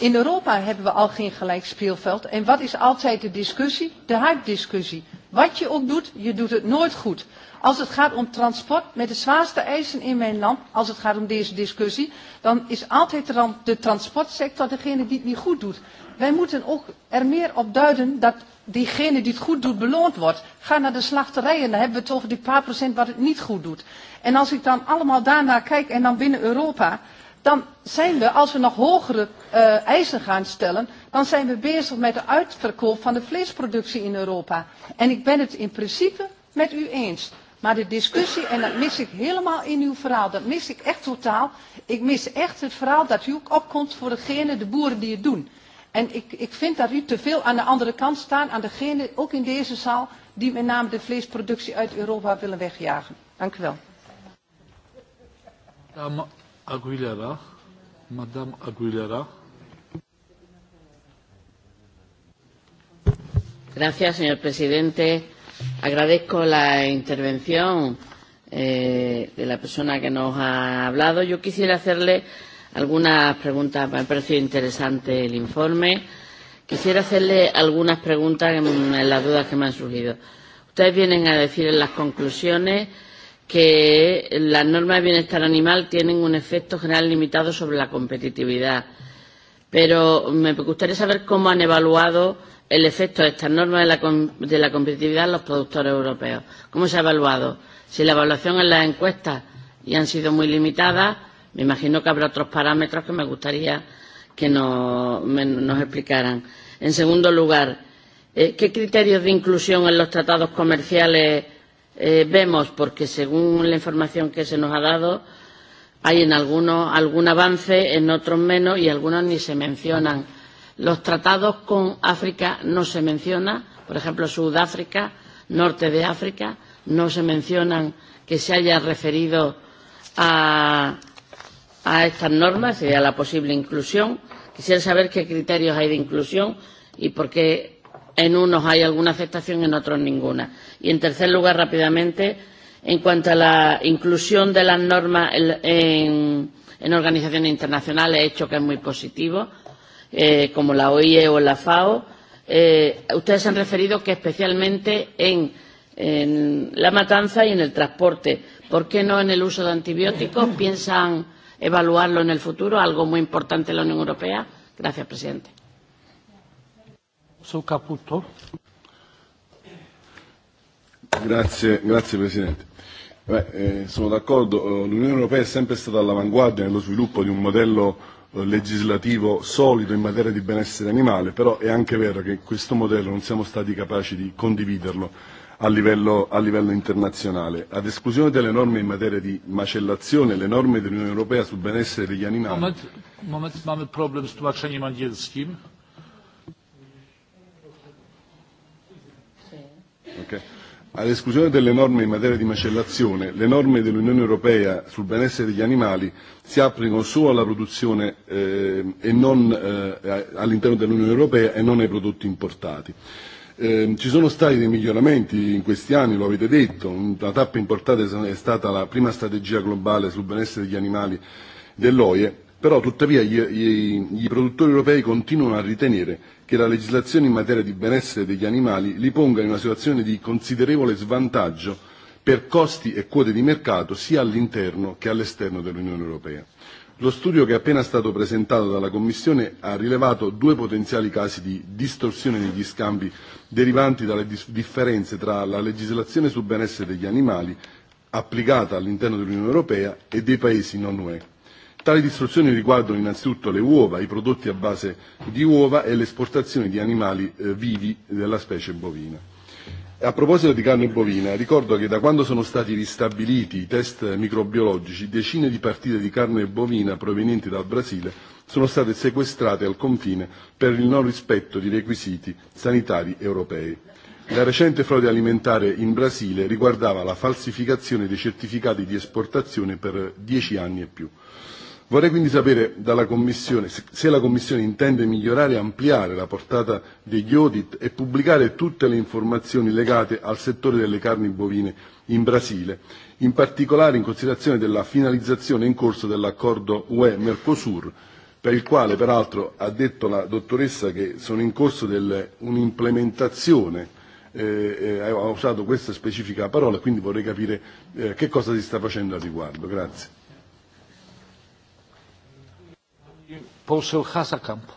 In Europa hebben we al geen gelijk speelveld. En wat is altijd de discussie? De huiddiscussie. Wat je ook doet, je doet het nooit goed. Als het gaat om transport met de zwaarste eisen in mijn land, als het gaat om deze discussie, dan is altijd de transportsector degene die het niet goed doet. Wij moeten ook er meer op duiden dat diegene die het goed doet beloond wordt. Ga naar de slachterijen, dan hebben we het over die paar procent wat het niet goed doet. En als ik dan allemaal daarnaar kijk en dan binnen Europa, dan zijn we, als we nog hogere uh, eisen gaan stellen, dan zijn we bezig met de uitverkoop van de vleesproductie in Europa. En ik ben het in principe met u eens. Maar de discussie, en dat mis ik helemaal in uw verhaal, dat mis ik echt totaal. Ik mis echt het verhaal dat u ook opkomt voor degene, de boeren die het doen. En ik, ik vind dat u te veel aan de andere kant staat, aan degene, ook in deze zaal, die met name de vleesproductie uit Europa willen wegjagen. Dank u wel. Nou, Aguilera. Madame Aguilera. Gracias, señor presidente. Agradezco la intervención eh, de la persona que nos ha hablado. Yo quisiera hacerle algunas preguntas. Me ha parecido interesante el informe. Quisiera hacerle algunas preguntas en las dudas que me han surgido. Ustedes vienen a decir en las conclusiones que las normas de bienestar animal tienen un efecto general limitado sobre la competitividad. Pero me gustaría saber cómo han evaluado el efecto de estas normas de la, de la competitividad en los productores europeos. ¿Cómo se ha evaluado? Si la evaluación en las encuestas ya han sido muy limitadas, me imagino que habrá otros parámetros que me gustaría que nos, me, nos explicaran. En segundo lugar, eh, ¿qué criterios de inclusión en los tratados comerciales Eh, vemos porque según la información que se nos ha dado hay en algunos algún avance en otros menos y algunos ni se mencionan los tratados con África no se menciona por ejemplo Sudáfrica norte de África no se mencionan que se haya referido a, a estas normas y a la posible inclusión quisiera saber qué criterios hay de inclusión y por qué en unos hay alguna afectación, en otros ninguna. Y en tercer lugar, rápidamente, en cuanto a la inclusión de las normas en, en, en organizaciones internacionales, he hecho que es muy positivo, eh, como la OIE o la FAO, eh, ustedes han referido que especialmente en, en la matanza y en el transporte. ¿Por qué no en el uso de antibióticos? ¿Piensan evaluarlo en el futuro? Algo muy importante en la Unión Europea. Gracias, presidente. Grazie, grazie Presidente. Beh, eh, sono d'accordo, eh, l'Unione Europea è sempre stata all'avanguardia nello sviluppo di un modello eh, legislativo solido in materia di benessere animale, però è anche vero che questo modello non siamo stati capaci di condividerlo a livello, a livello internazionale. Ad esclusione delle norme in materia di macellazione, le norme dell'Unione Europea sul benessere degli animali... Moment, moment, mamy problem z tłumaczeniem angielskim. Okay. All'esclusione delle norme in materia di macellazione, le norme dell'Unione Europea sul benessere degli animali si applicano solo alla produzione eh, e non, eh, all'interno dell'Unione Europea e non ai prodotti importati. Eh, ci sono stati dei miglioramenti in questi anni, lo avete detto, una tappa importante è stata la prima strategia globale sul benessere degli animali dell'OIE e, Però tuttavia gli, gli, gli produttori europei continuano a ritenere che la legislazione in materia di benessere degli animali li ponga in una situazione di considerevole svantaggio per costi e quote di mercato sia all'interno che all'esterno dell'Unione Europea. Lo studio che è appena stato presentato dalla Commissione ha rilevato due potenziali casi di distorsione negli scambi derivanti dalle dis- differenze tra la legislazione sul benessere degli animali applicata all'interno dell'Unione Europea e dei paesi non UE. Tali distorsioni riguardano innanzitutto le uova, i prodotti a base di uova e le esportazioni di animali eh, vivi della specie bovina. E a proposito di carne bovina, ricordo che da quando sono stati ristabiliti i test microbiologici, decine di partite di carne bovina provenienti dal Brasile sono state sequestrate al confine per il non rispetto di requisiti sanitari europei. La recente frode alimentare in Brasile riguardava la falsificazione dei certificati di esportazione per dieci anni e più. Vorrei quindi sapere dalla Commissione se la Commissione intende migliorare e ampliare la portata degli audit e pubblicare tutte le informazioni legate al settore delle carni bovine in Brasile, in particolare in considerazione della finalizzazione in corso dell'accordo UE-Mercosur, per il quale peraltro ha detto la dottoressa che sono in corso delle, un'implementazione, eh, eh, ha usato questa specifica parola, quindi vorrei capire eh, che cosa si sta facendo a riguardo. Grazie. Poolse Gazakamp.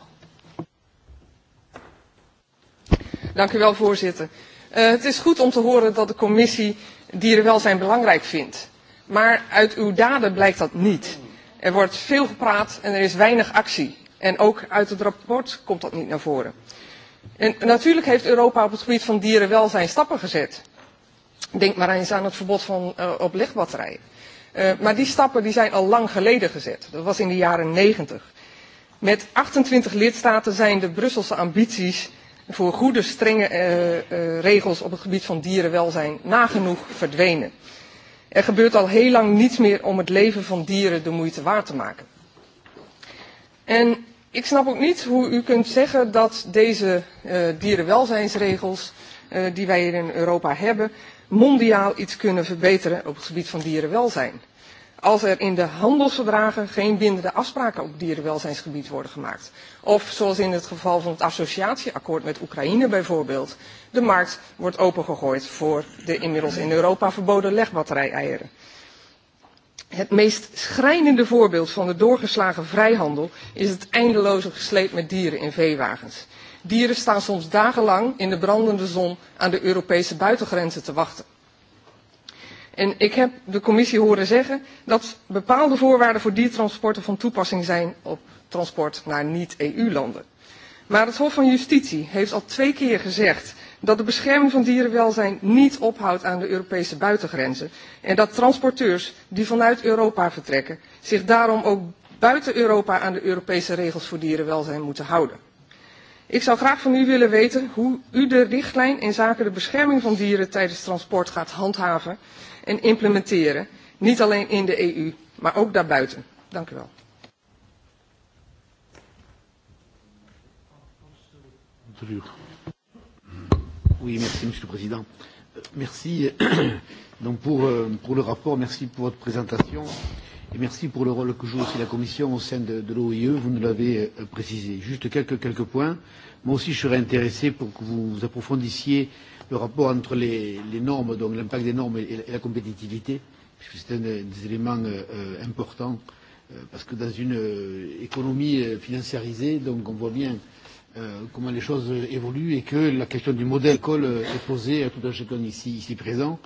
Dank u wel, voorzitter. Uh, het is goed om te horen dat de commissie dierenwelzijn belangrijk vindt. Maar uit uw daden blijkt dat niet. Er wordt veel gepraat en er is weinig actie. En ook uit het rapport komt dat niet naar voren. En natuurlijk heeft Europa op het gebied van dierenwelzijn stappen gezet. Denk maar eens aan het verbod van, uh, op lichtbatterijen. Uh, maar die stappen die zijn al lang geleden gezet. Dat was in de jaren negentig. Met 28 lidstaten zijn de Brusselse ambities voor goede, strenge uh, uh, regels op het gebied van dierenwelzijn nagenoeg verdwenen. Er gebeurt al heel lang niets meer om het leven van dieren de moeite waard te maken. En ik snap ook niet hoe u kunt zeggen dat deze uh, dierenwelzijnsregels uh, die wij hier in Europa hebben, mondiaal iets kunnen verbeteren op het gebied van dierenwelzijn als er in de handelsverdragen geen bindende afspraken op dierenwelzijnsgebied worden gemaakt. Of zoals in het geval van het associatieakkoord met Oekraïne bijvoorbeeld, de markt wordt opengegooid voor de inmiddels in Europa verboden legbatterijeieren. Het meest schrijnende voorbeeld van de doorgeslagen vrijhandel is het eindeloze gesleep met dieren in veewagens. Dieren staan soms dagenlang in de brandende zon aan de Europese buitengrenzen te wachten en ik heb de commissie horen zeggen dat bepaalde voorwaarden voor diertransporten van toepassing zijn op transport naar niet-EU-landen. Maar het Hof van Justitie heeft al twee keer gezegd dat de bescherming van dierenwelzijn niet ophoudt aan de Europese buitengrenzen en dat transporteurs die vanuit Europa vertrekken zich daarom ook buiten Europa aan de Europese regels voor dierenwelzijn moeten houden. Ik zou graag van u willen weten hoe u de richtlijn in zaken de bescherming van dieren tijdens transport gaat handhaven en implementeren niet alleen in de EU maar ook daarbuiten. Dank u wel. Oui, merci monsieur le président. Euh, merci euh, donc pour euh, pour le rapport, merci pour votre présentation et merci pour le rôle que joue aussi la commission au sein de, de l'OIE, vous nous l'avez précisé. Juste quelques quelques points. Moi aussi je serais intéressé pour que vous, vous approfondissiez euh, le rapport entre les, les normes, donc l'impact des normes et la, et la compétitivité, puisque c'est un des éléments euh, importants, euh, parce que dans une euh, économie euh, financiarisée, donc on voit bien euh, comment les choses évoluent et que la question du modèle école euh, est posée à tout un chacun ici, ici présent.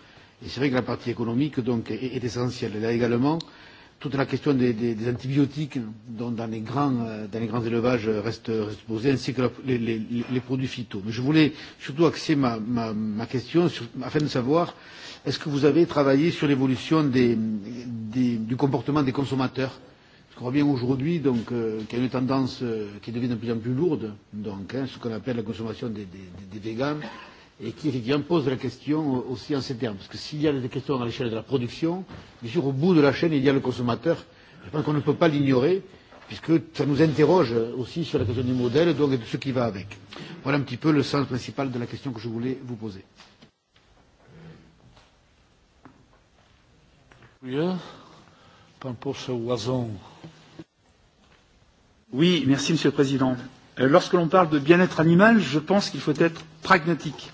Et c'est vrai que la partie économique donc, est, est essentielle. Là également, euh, toute la question des, des, des antibiotiques dont dans les grands, euh, dans les grands élevages reste, reste posée, ainsi que la, les, les, les produits phyto. Mais je voulais surtout axer ma, ma, ma question sur, afin de savoir est-ce que vous avez travaillé sur l'évolution des, des, du comportement des consommateurs Parce qu'on voit bien aujourd'hui euh, qu'il y a une tendance euh, qui devient de plus en plus lourde, donc, hein, ce qu'on appelle la consommation des, des, des, des véganes et qui, qui impose la question aussi en ces termes. Parce que s'il y a des questions à l'échelle de la production, bien sûr, au bout de la chaîne, il y a le consommateur. Je pense qu'on ne peut pas l'ignorer, puisque ça nous interroge aussi sur la question du modèle donc, et de ce qui va avec. Voilà un petit peu le sens principal de la question que je voulais vous poser. Oui, hein oui merci Monsieur le Président. Euh, lorsque l'on parle de bien-être animal, je pense qu'il faut être pragmatique.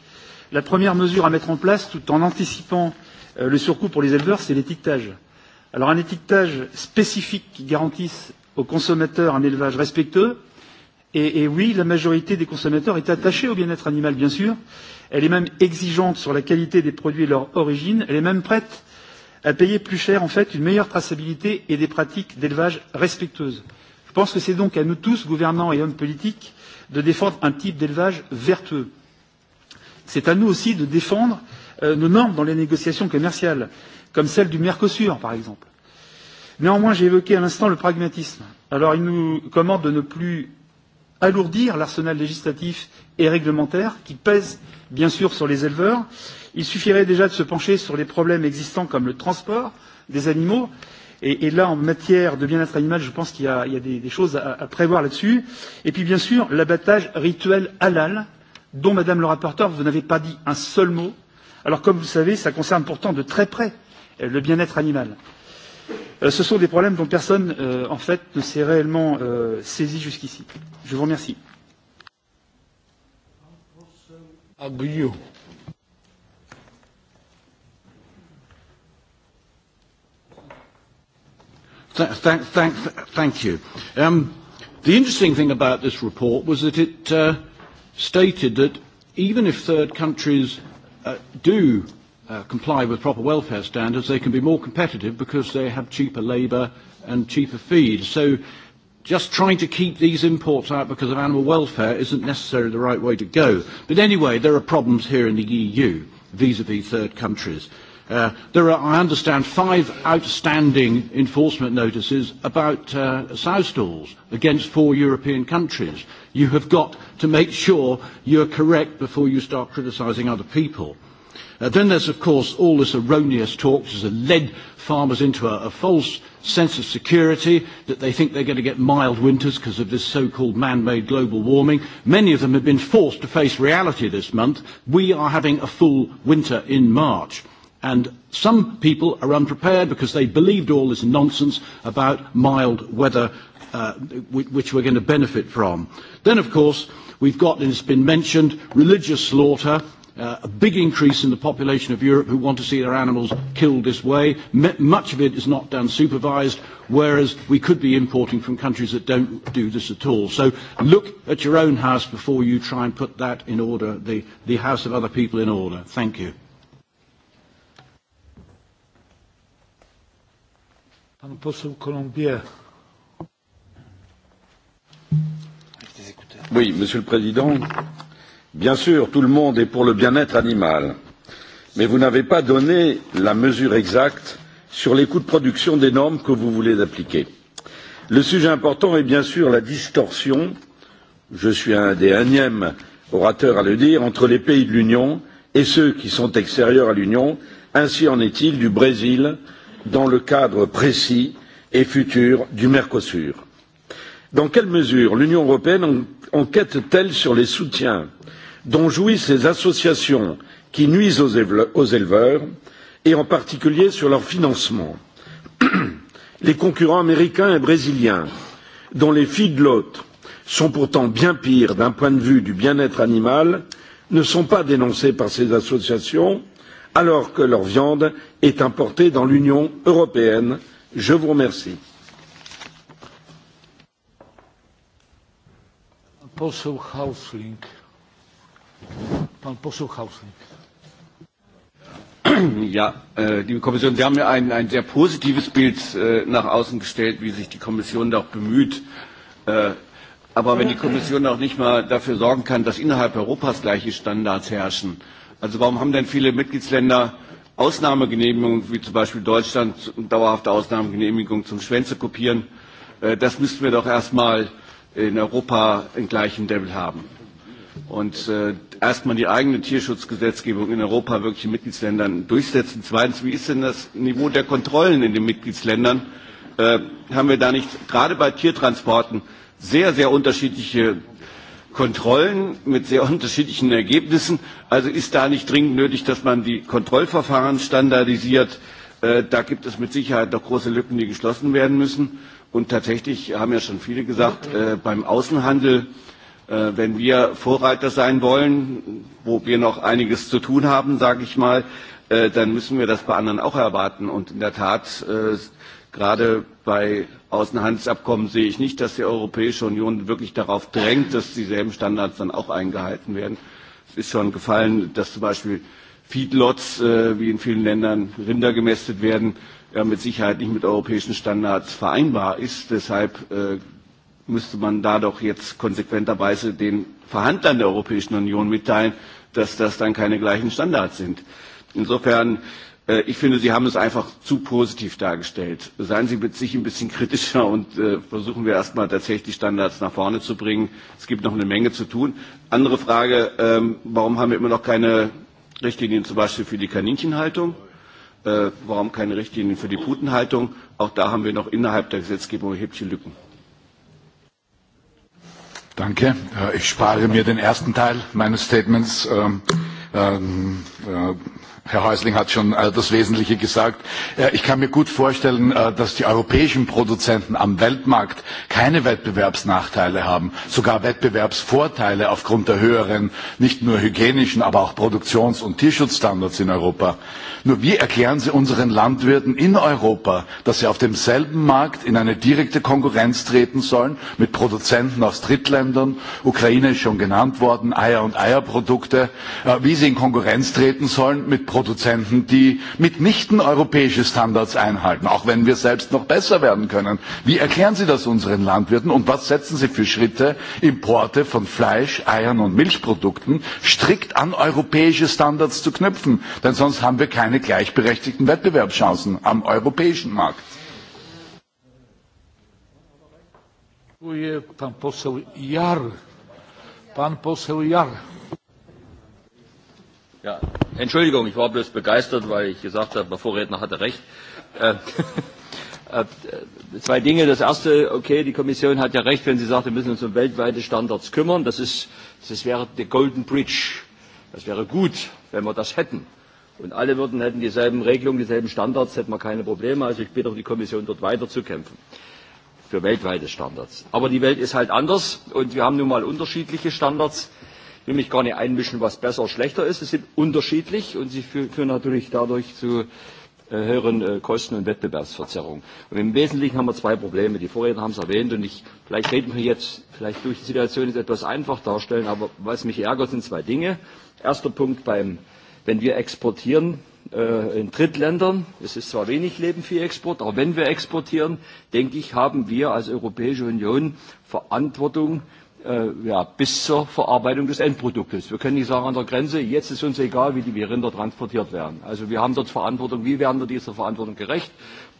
La première mesure à mettre en place, tout en anticipant euh, le surcoût pour les éleveurs, c'est l'étiquetage. Alors un étiquetage spécifique qui garantisse aux consommateurs un élevage respectueux. Et, et oui, la majorité des consommateurs est attachée au bien-être animal, bien sûr. Elle est même exigeante sur la qualité des produits et leur origine. Elle est même prête à payer plus cher, en fait, une meilleure traçabilité et des pratiques d'élevage respectueuses. Je pense que c'est donc à nous tous, gouvernants et hommes politiques, de défendre un type d'élevage vertueux. C'est à nous aussi de défendre euh, nos normes dans les négociations commerciales, comme celle du Mercosur, par exemple. Néanmoins, j'ai évoqué à l'instant le pragmatisme. Alors, il nous commande de ne plus alourdir l'arsenal législatif et réglementaire qui pèse bien sûr sur les éleveurs. Il suffirait déjà de se pencher sur les problèmes existants comme le transport des animaux. Et, et là, en matière de bien-être animal, je pense qu'il y a, il y a des, des choses à, à prévoir là-dessus. Et puis, bien sûr, l'abattage rituel halal dont, Madame le rapporteur, vous n'avez pas dit un seul mot, alors comme vous le savez, ça concerne pourtant de très près euh, le bien être animal. Euh, ce sont des problèmes dont personne, euh, en fait, ne s'est réellement euh, saisi jusqu'ici. Je vous remercie. Thank, thank, thank, thank you. Um, the interesting thing about this report was that it uh, stated that even if third countries uh, do uh, comply with proper welfare standards, they can be more competitive because they have cheaper labour and cheaper feed. So just trying to keep these imports out because of animal welfare isn't necessarily the right way to go. But anyway, there are problems here in the EU vis-à-vis third countries. Uh, there are, I understand, five outstanding enforcement notices about uh, sow stalls against four European countries. You have got to make sure you're correct before you start criticising other people. Uh, then there's, of course, all this erroneous talk that has led farmers into a, a false sense of security that they think they're going to get mild winters because of this so-called man-made global warming. Many of them have been forced to face reality this month. We are having a full winter in March. And some people are unprepared because they believed all this nonsense about mild weather Uh, which we're going to benefit from. Then, of course, we've got, and it's been mentioned, religious slaughter. Uh, a big increase in the population of Europe who want to see their animals killed this way. M- much of it is not done supervised, whereas we could be importing from countries that don't do this at all. So look at your own house before you try and put that in order, the, the house of other people in order. Thank you. Pan poseł Colombier. Monsieur le Président, bien sûr, tout le monde est pour le bien-être animal, mais vous n'avez pas donné la mesure exacte sur les coûts de production des normes que vous voulez appliquer. Le sujet important est bien sûr la distorsion, je suis un des énièmes orateurs à le dire, entre les pays de l'Union et ceux qui sont extérieurs à l'Union. Ainsi en est-il du Brésil dans le cadre précis et futur du Mercosur dans quelle mesure l'union européenne enquête t elle sur les soutiens dont jouissent les associations qui nuisent aux éleveurs et en particulier sur leur financement les concurrents américains et brésiliens dont les feedlots sont pourtant bien pires d'un point de vue du bien être animal ne sont pas dénoncés par ces associations alors que leur viande est importée dans l'union européenne. je vous remercie. poseł Hausling. Pan poseł Hausling. Ja, äh, liebe Kommission, Sie haben ja ein, ein sehr positives Bild äh, nach außen gestellt, wie sich die Kommission da auch bemüht. Äh, aber wenn die Kommission auch nicht mal dafür sorgen kann, dass innerhalb Europas gleiche Standards herrschen, also warum haben denn viele Mitgliedsländer Ausnahmegenehmigungen, wie zum Beispiel Deutschland, dauerhafte Ausnahmegenehmigungen zum Schwänze kopieren? Das müssten wir doch erstmal mal in Europa in gleichem Level haben. Und äh, erstmal die eigene Tierschutzgesetzgebung in Europa wirklich in Mitgliedsländern durchsetzen. Zweitens, wie ist denn das Niveau der Kontrollen in den Mitgliedsländern? Äh, haben wir da nicht gerade bei Tiertransporten sehr, sehr unterschiedliche Kontrollen mit sehr unterschiedlichen Ergebnissen? Also ist da nicht dringend nötig, dass man die Kontrollverfahren standardisiert? Äh, da gibt es mit Sicherheit noch große Lücken, die geschlossen werden müssen. Äh, Und tatsächlich haben ja schon viele gesagt, äh, beim Außenhandel, äh, wenn wir Vorreiter sein wollen, wo wir noch einiges zu tun haben, sage ich mal, äh, dann müssen wir das bei anderen auch erwarten. Und in der Tat, äh, gerade bei Außenhandelsabkommen sehe ich nicht, dass die Europäische Union wirklich darauf drängt, dass dieselben Standards dann auch eingehalten werden. Es ist schon gefallen, dass zum Beispiel Feedlots, äh, wie in vielen Ländern Rinder gemästet werden, äh, ja, mit Sicherheit nicht mit europäischen Standards vereinbar ist. Deshalb äh, müsste man da doch jetzt konsequenterweise den Verhandlern der Europäischen Union mitteilen, dass das dann keine gleichen Standards sind. Insofern, äh, ich finde, Sie haben es einfach zu positiv dargestellt. Seien Sie mit sich ein bisschen kritischer und äh, versuchen wir erstmal tatsächlich die Standards nach vorne zu bringen. Es gibt noch eine Menge zu tun. Andere Frage, ähm, warum haben wir immer noch keine Richtlinien zum Beispiel für die Kaninchenhaltung? äh, warum keine Richtlinien für die Putenhaltung? Auch da haben wir noch innerhalb der Gesetzgebung erhebliche Lücken. Danke. Äh, ich spare mir den ersten Teil meines Statements. Ähm, ähm, äh, Herr Häusling hat schon äh, das Wesentliche gesagt. Äh, ich kann mir gut vorstellen, äh, dass die europäischen Produzenten am Weltmarkt keine Wettbewerbsnachteile haben, sogar Wettbewerbsvorteile aufgrund der höheren, nicht nur hygienischen, aber auch Produktions- und Tierschutzstandards in Europa. Nur wie erklären Sie unseren Landwirten in Europa, dass sie auf demselben Markt in eine direkte Konkurrenz treten sollen mit Produzenten aus Drittländern, Ukraine ist schon genannt worden, Eier und Eierprodukte, äh, wie sie in Konkurrenz treten sollen mit Produzenten, die mitnichten europäische Standards einhalten, auch wenn wir selbst noch besser werden können. Wie erklären Sie das unseren Landwirten und was setzen Sie für Schritte, Importe von Fleisch, Eiern und Milchprodukten strikt an europäische Standards zu knüpfen? Denn sonst haben wir keine gleichberechtigten Wettbewerbschancen am europäischen Markt. Pan poseł Jar. Pan poseł Jar. Ja, Entschuldigung, ich war bloß begeistert, weil ich gesagt habe, der Vorredner hatte recht. Äh, äh, zwei Dinge. Das erste, okay, die Kommission hat ja recht, wenn sie sagt, wir müssen uns um weltweite Standards kümmern. Das, ist, das wäre die Golden Bridge. Das wäre gut, wenn wir das hätten. Und alle würden, hätten dieselben Regelungen, dieselben Standards, hätten wir keine Probleme. Also ich bitte auch die Kommission, dort weiterzukämpfen. Für weltweite Standards. Aber die Welt ist halt anders und wir haben nun mal unterschiedliche Standards. Ich will mich gar nicht einmischen, was besser oder schlechter ist. Sie sind unterschiedlich und sie führen natürlich dadurch zu äh, höheren äh, Kosten und Wettbewerbsverzerrungen. Und im Wesentlichen haben wir zwei Probleme. Die Vorredner haben es erwähnt und ich, vielleicht reden wir jetzt, vielleicht durch die Situation jetzt etwas einfach darstellen, aber was mich ärgert, sind zwei Dinge. Erster Punkt beim, wenn wir exportieren, äh, in Drittländern, es ist zwar wenig Lebenviehexport, aber wenn wir exportieren, denke ich, haben wir als Europäische Union Verantwortung, äh, ja, bis zur Verarbeitung des Endproduktes. Wir können nicht sagen, an der Grenze, jetzt ist uns egal, wie die Rinder transportiert werden. Also wir haben dort Verantwortung, wie werden wir dieser Verantwortung gerecht,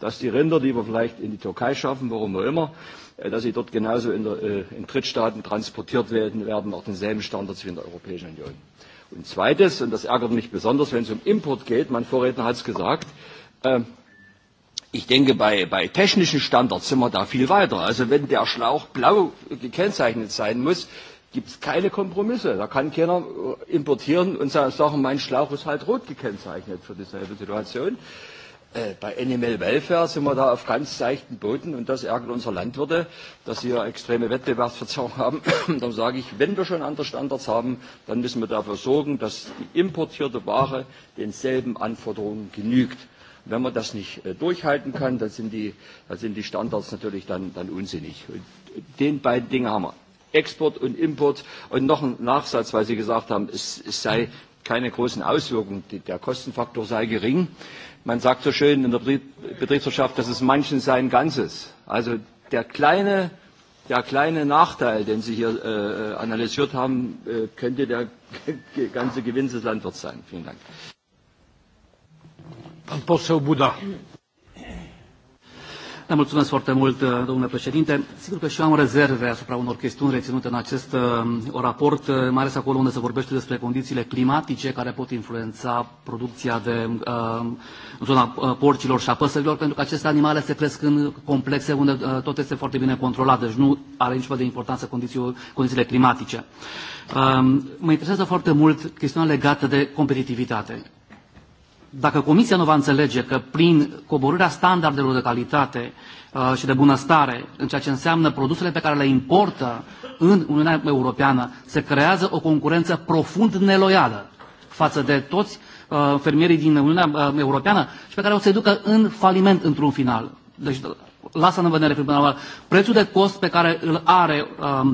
dass die Rinder, die wir vielleicht in die Türkei schaffen, warum auch immer, äh, dass sie dort genauso in, der, äh, in Drittstaaten transportiert werden, werden nach denselben Standards wie in der Europäischen Union. Und zweites, und das ärgert mich besonders, wenn es um Import geht, mein Vorredner hat es gesagt, äh, Ich denke, bei, bei technischen Standards sind wir da viel weiter. Also wenn der Schlauch blau gekennzeichnet sein muss, gibt es keine Kompromisse. Da kann keiner äh, importieren und sagen, mein Schlauch ist halt rot gekennzeichnet für dieselbe Situation. Äh, bei Animal Welfare sind wir da auf ganz seichten Boden und das ärgert unsere Landwirte, dass sie ja extreme Wettbewerbsverzerrung haben. dann sage ich, wenn wir schon andere Standards haben, dann müssen wir dafür sorgen, dass die importierte Ware denselben Anforderungen genügt. Wenn man das nicht äh, durchhalten kann, dann sind die, dann sind die Standards natürlich dann, dann unsinnig. Und den beiden Dingen haben wir. Export und Import. Und noch ein Nachsatz, weil Sie gesagt haben, es, es sei keine großen Auswirkungen, der Kostenfaktor sei gering. Man sagt so schön in der Betriebswirtschaft, dass es manchen sein Ganzes. Also der kleine, der kleine Nachteil, den Sie hier äh, äh analysiert haben, äh, könnte der ganze Gewinn des Landwirts sein. Vielen Dank. Poseu Buda. Le mulțumesc foarte mult, uh, domnule președinte. Sigur că și eu am rezerve asupra unor chestiuni reținute în acest uh, raport, uh, mai ales acolo unde se vorbește despre condițiile climatice care pot influența producția de în zona porcilor și a păsărilor, pentru că aceste animale se cresc în complexe unde tot este foarte bine controlat, deci nu are nicio de importanță condițiile climatice. Mă interesează foarte mult chestiunea legată de competitivitate dacă Comisia nu va înțelege că prin coborârea standardelor de calitate uh, și de bunăstare în ceea ce înseamnă produsele pe care le importă în Uniunea Europeană, se creează o concurență profund neloială față de toți uh, fermierii din Uniunea uh, Europeană și pe care o să-i ducă în faliment într-un final. Deci, lasă-ne vedere, prețul de cost pe care îl are uh,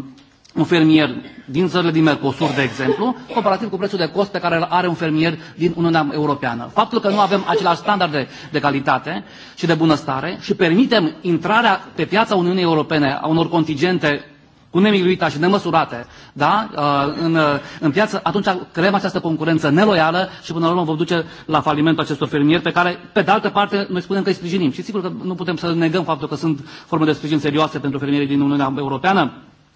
un fermier din țările din Mercosur, de exemplu, comparativ cu prețul de cost pe care îl are un fermier din Uniunea Europeană. Faptul că nu avem același standard de, de calitate și de bunăstare și permitem intrarea pe piața Uniunii Europene a unor contingente cu nemiluita și nemăsurate da? Uh, în, uh, în piață, atunci creăm această concurență neloială și până la urmă vom duce la falimentul acestor fermieri pe care, pe de altă parte, noi spunem că îi sprijinim. Și sigur că nu putem să negăm faptul că sunt forme de sprijin serioase pentru fermierii din Uniunea Europeană,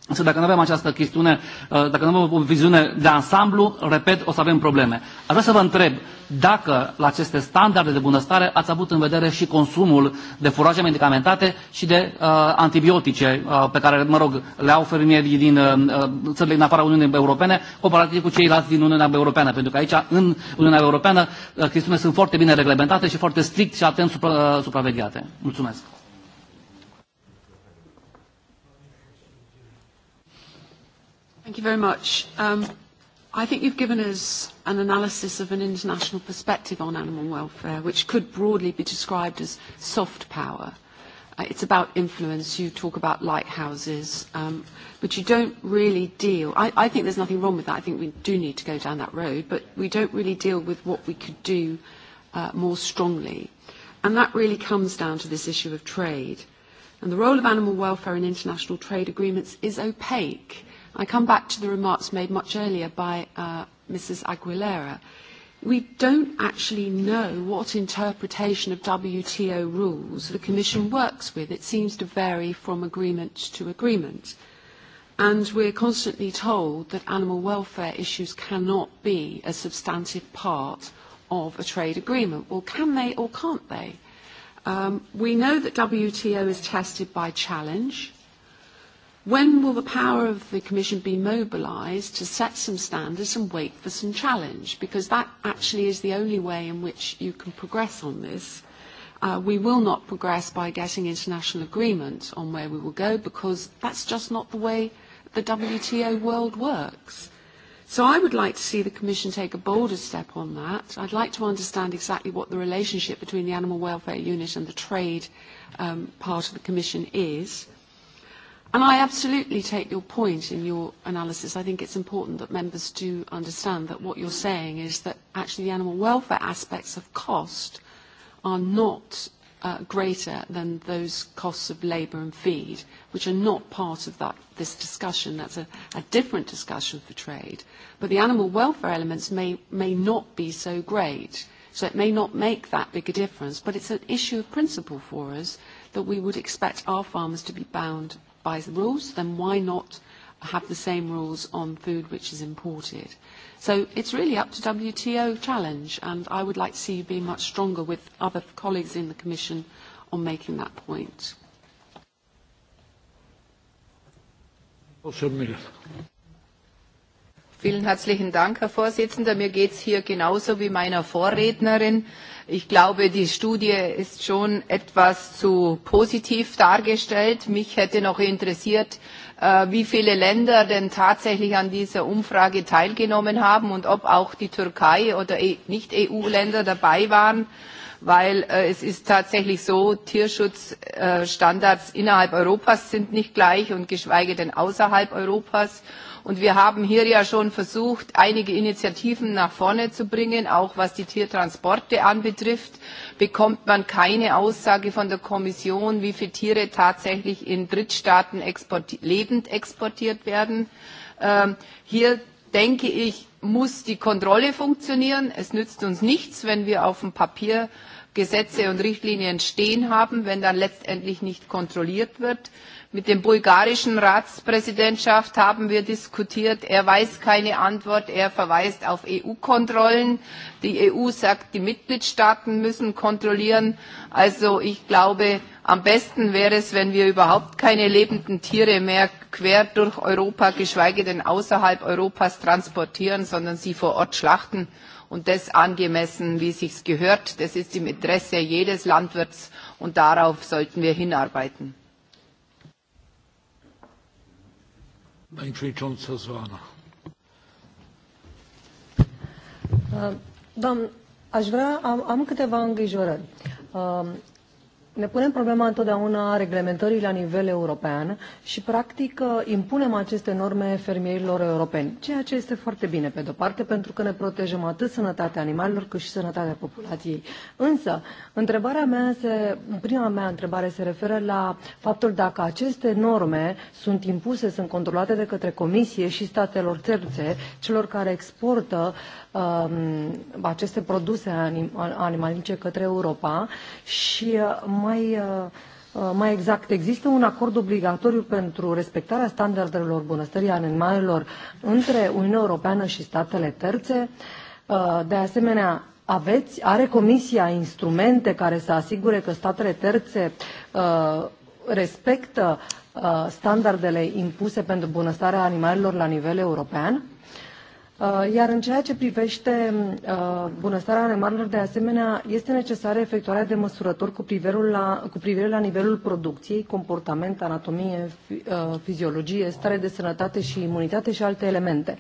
Însă dacă nu avem această chestiune, uh, dacă nu avem o viziune de ansamblu, repet, o să avem probleme. Aș vrea să vă întreb dacă la aceste standarde de bunăstare ați avut în vedere și consumul de furaje medicamentate și de uh, antibiotice uh, pe care, mă rog, le au fermierii din uh, uh țările din afara Uniunii Europene, comparativ cu ceilalți din Uniunea Europeană. Pentru că aici, în Uniunea Europeană, uh, chestiunile sunt foarte bine reglementate și foarte strict și atent supra, uh, supravegheate. Mulțumesc! Thank you very much. Um, I think you've given us an analysis of an international perspective on animal welfare, which could broadly be described as soft power. Uh, it's about influence. You talk about lighthouses, um, but you don't really deal. I, I think there's nothing wrong with that. I think we do need to go down that road, but we don't really deal with what we could do uh, more strongly. And that really comes down to this issue of trade. And the role of animal welfare in international trade agreements is opaque. I come back to the remarks made much earlier by uh, Mrs. Aguilera. We don't actually know what interpretation of WTO rules the Commission works with. It seems to vary from agreement to agreement. And we're constantly told that animal welfare issues cannot be a substantive part of a trade agreement. Well, can they or can't they? Um, we know that WTO is tested by challenge. When will the power of the Commission be mobilised to set some standards and wait for some challenge? Because that actually is the only way in which you can progress on this. Uh, we will not progress by getting international agreement on where we will go because that's just not the way the WTO world works. So I would like to see the Commission take a bolder step on that. I'd like to understand exactly what the relationship between the Animal Welfare Unit and the trade um, part of the Commission is. And I absolutely take your point in your analysis. I think it's important that members do understand that what you're saying is that actually the animal welfare aspects of cost are not uh, greater than those costs of labour and feed, which are not part of that, this discussion. That's a, a different discussion for trade. But the animal welfare elements may, may not be so great. So it may not make that big a difference. But it's an issue of principle for us that we would expect our farmers to be bound by the rules, then why not have the same rules on food which is imported? So it's really up to WTO challenge, and I would like to see you be much stronger with other colleagues in the Commission on making that point. Also, Miller. Vielen herzlichen Dank, Herr Vorsitzender. Mir geht es hier genauso wie meiner Vorrednerin. Ich glaube, die Studie ist schon etwas zu positiv dargestellt. Mich hätte noch interessiert, äh, wie viele Länder denn tatsächlich an dieser Umfrage teilgenommen haben und ob auch die Türkei oder e-, nicht EU-Länder dabei waren weil äh, es ist tatsächlich so, Tierschutzstandards äh, innerhalb Europas sind nicht gleich und geschweige denn außerhalb Europas. Und wir haben hier ja schon versucht, einige Initiativen nach vorne zu bringen, auch was die Tiertransporte anbetrifft. Bekommt man keine Aussage von der Kommission, wie viele Tiere tatsächlich in Drittstaaten exporti lebend exportiert werden. Ähm, hier denke ich, muss die Kontrolle funktionieren. Es nützt uns nichts, wenn wir auf dem Papier äh, Gesetze und Richtlinien stehen haben, wenn dann letztendlich nicht kontrolliert wird. Mit dem bulgarischen Ratspräsidentschaft haben wir diskutiert. Er weiß keine Antwort. Er verweist auf EU-Kontrollen. Die EU sagt, die Mitgliedstaaten müssen kontrollieren. Also ich glaube, am besten wäre es, wenn wir überhaupt keine lebenden Tiere mehr quer durch Europa, geschweige denn außerhalb Europas transportieren, sondern sie vor Ort schlachten und das angemessen, wie sich's gehört. Das ist im Interesse jedes Landwirts und darauf sollten wir hinarbeiten. Manfred Jones, äh, Doamne, aș vrea, am, am câteva îngrijorări. Äh, Ne punem problema întotdeauna reglementării la nivel european și, practic, impunem aceste norme fermierilor europeni, ceea ce este foarte bine, pe de-o parte, pentru că ne protejăm atât sănătatea animalelor cât și sănătatea populației. Însă, întrebarea mea se, prima mea întrebare se referă la faptul dacă aceste norme sunt impuse, sunt controlate de către Comisie și statelor terțe, celor care exportă um, aceste produse anim- animalice către Europa și um, mai, uh, uh, mai exact. Există un acord obligatoriu pentru respectarea standardelor bunăstării animalelor între Uniunea Europeană și statele terțe. Uh, de asemenea, aveți, are Comisia instrumente care să asigure că statele terțe respectă standardele impuse pentru bunăstarea animalelor la nivel european? Uh, iar în ceea ce privește uh, bunăstarea animalelor, de asemenea, este necesară efectuarea de măsurători cu privire la, cu privire la nivelul producției, comportament, anatomie, uh, fiziologie, stare de sănătate și imunitate și alte elemente.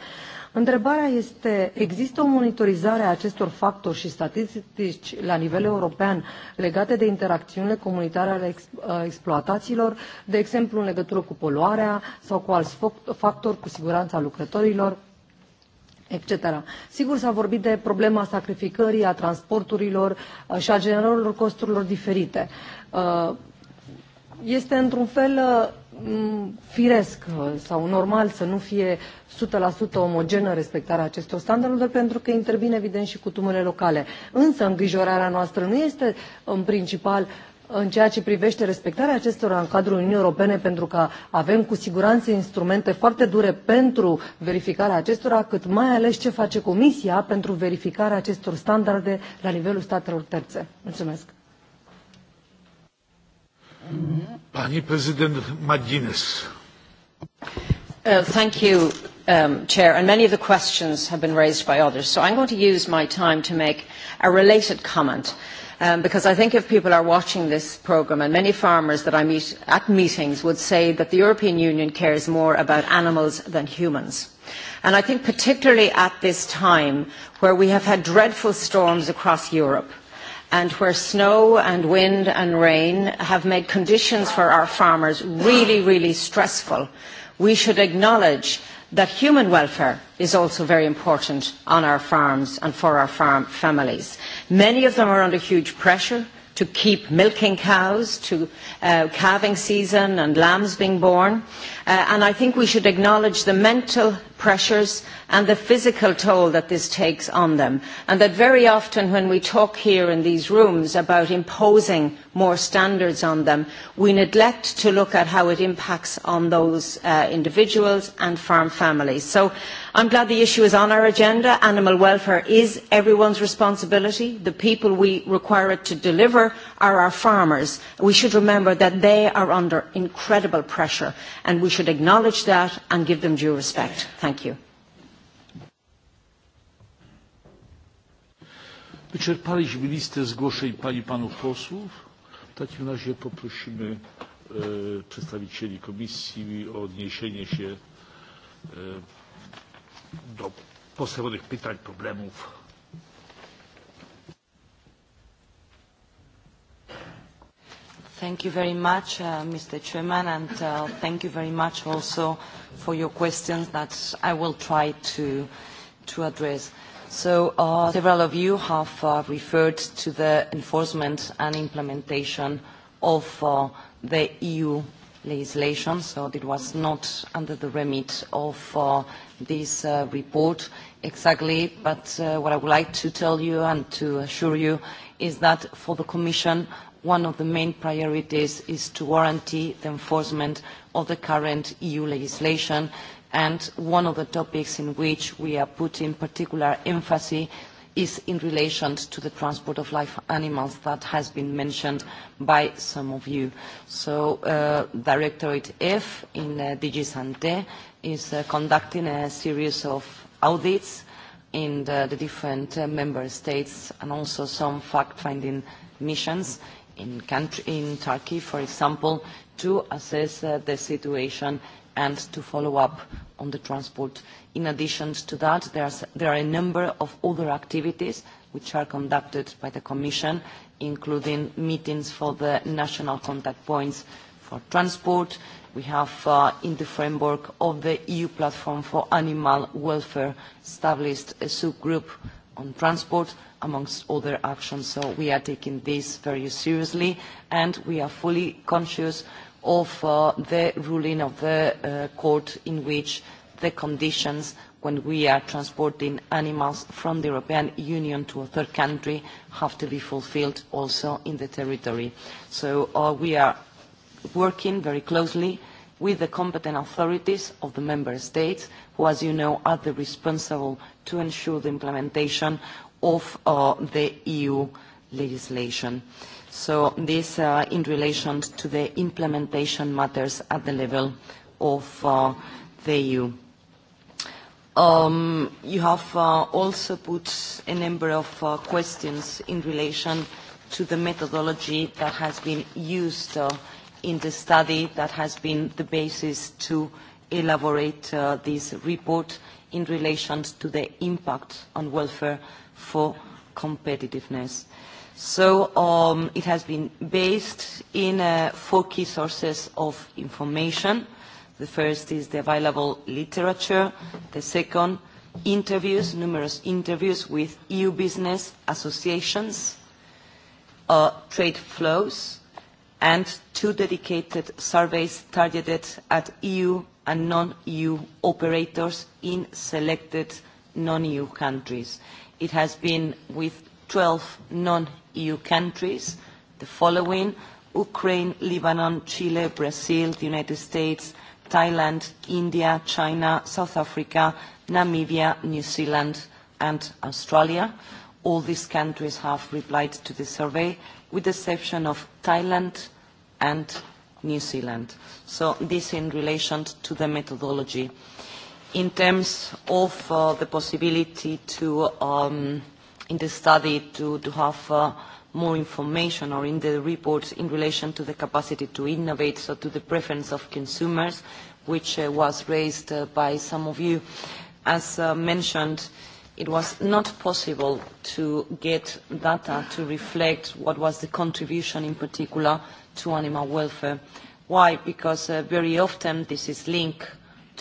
Întrebarea este, există o monitorizare a acestor factori și statistici la nivel european legate de interacțiunile comunitare ale exploatațiilor, de exemplu în legătură cu poluarea sau cu alți factori cu siguranța lucrătorilor? etc. Sigur, s-a vorbit de problema sacrificării, a transporturilor și a generărilor costurilor diferite. Este într-un fel firesc sau normal să nu fie 100% omogenă respectarea acestor standarde, pentru că intervine evident și cutumele locale. Însă îngrijorarea noastră nu este în principal uh, în ceea ce privește respectarea acestora în cadrul Uniunii Europene, pentru că avem cu siguranță instrumente foarte dure pentru verificarea acestora, cât mai ales ce face Comisia pentru verificarea acestor standarde la nivelul statelor terțe. Mulțumesc! Pani prezident Magines. Uh, thank you. Um, Chair, and many of the questions have been raised by others, so I'm going to use my time to make a related comment um, because I think if people are watching this programme, and many farmers that I meet at meetings would say that the European Union cares more about animals than humans. And I think particularly at this time where we have had dreadful storms across Europe and where snow and wind and rain have made conditions for our farmers really, really stressful, we should acknowledge that human welfare is also very important on our farms and for our farm families. Many of them are under huge pressure to keep milking cows to uh, calving season and lambs being born. Uh, and I think we should acknowledge the mental pressures and the physical toll that this takes on them and that very often when we talk here in these rooms about imposing more standards on them we neglect to look at how it impacts on those uh, individuals and farm families. So I'm glad the issue is on our agenda. Animal welfare is everyone's responsibility. The people we require it to deliver are our farmers. We should remember that they are under incredible pressure and we should acknowledge that and give them due respect. Thank you. Wyczerpaliśmy listę zgłoszeń pani panów posłów. W takim razie poprosimy e, przedstawicieli komisji o odniesienie się e, do postawionych pytań, problemów. Thank you very much, uh, Mr. Chairman, and uh, thank you very much also for your questions that I will try to, to address. So uh, several of you have uh, referred to the enforcement and implementation of uh, the EU legislation, so it was not under the remit of uh, this uh, report exactly, but uh, what I would like to tell you and to assure you is that for the Commission, one of the main priorities is to guarantee the enforcement of the current EU legislation, and one of the topics in which we are putting particular emphasis is in relation to the transport of live animals that has been mentioned by some of you. So uh, Directorate F in uh, DG Sante is uh, conducting a series of audits in the, the different uh, member states and also some fact-finding missions. Mm -hmm in, country, in Turkey, for example, to assess uh, the situation and to follow up on the transport. In addition to that, there are a number of other activities which are conducted by the Commission, including meetings for the national contact points for transport. We have, uh, in the framework of the EU platform for animal welfare, established a subgroup on transport amongst other actions. So we are taking this very seriously, and we are fully conscious of uh, the ruling of the uh, court in which the conditions when we are transporting animals from the European Union to a third country have to be fulfilled also in the territory. So uh, we are working very closely with the competent authorities of the member states, who, as you know, are the responsible to ensure the implementation of uh, the EU legislation. So this uh, in relation to the implementation matters at the level of uh, the EU. Um, you have uh, also put a number of uh, questions in relation to the methodology that has been used uh, in the study that has been the basis to elaborate uh, this report in relation to the impact on welfare for competitiveness. So um, it has been based in uh, four key sources of information. The first is the available literature. The second, interviews, numerous interviews with EU business associations, uh, trade flows, and two dedicated surveys targeted at EU and non-EU operators in selected non-EU countries it has been with 12 non-EU countries, the following, Ukraine, Lebanon, Chile, Brazil, the United States, Thailand, India, China, South Africa, Namibia, New Zealand, and Australia. All these countries have replied to the survey, with the exception of Thailand and New Zealand. So this in relation to the methodology in terms of uh, the possibility to, um, in the study, to, to have uh, more information or in the reports in relation to the capacity to innovate, so to the preference of consumers, which uh, was raised uh, by some of you. As uh, mentioned, it was not possible to get data to reflect what was the contribution in particular to animal welfare. Why? Because uh, very often this is linked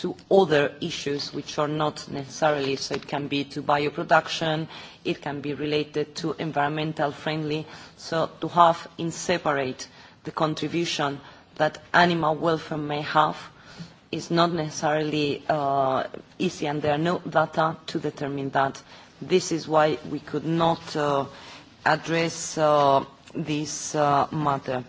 to other issues which are not necessarily, so it can be to bioproduction, it can be related to environmental friendly, so to have in separate the contribution that animal welfare may have is not necessarily uh, easy and there are no data to determine that. This is why we could not uh, address uh, this uh, matter.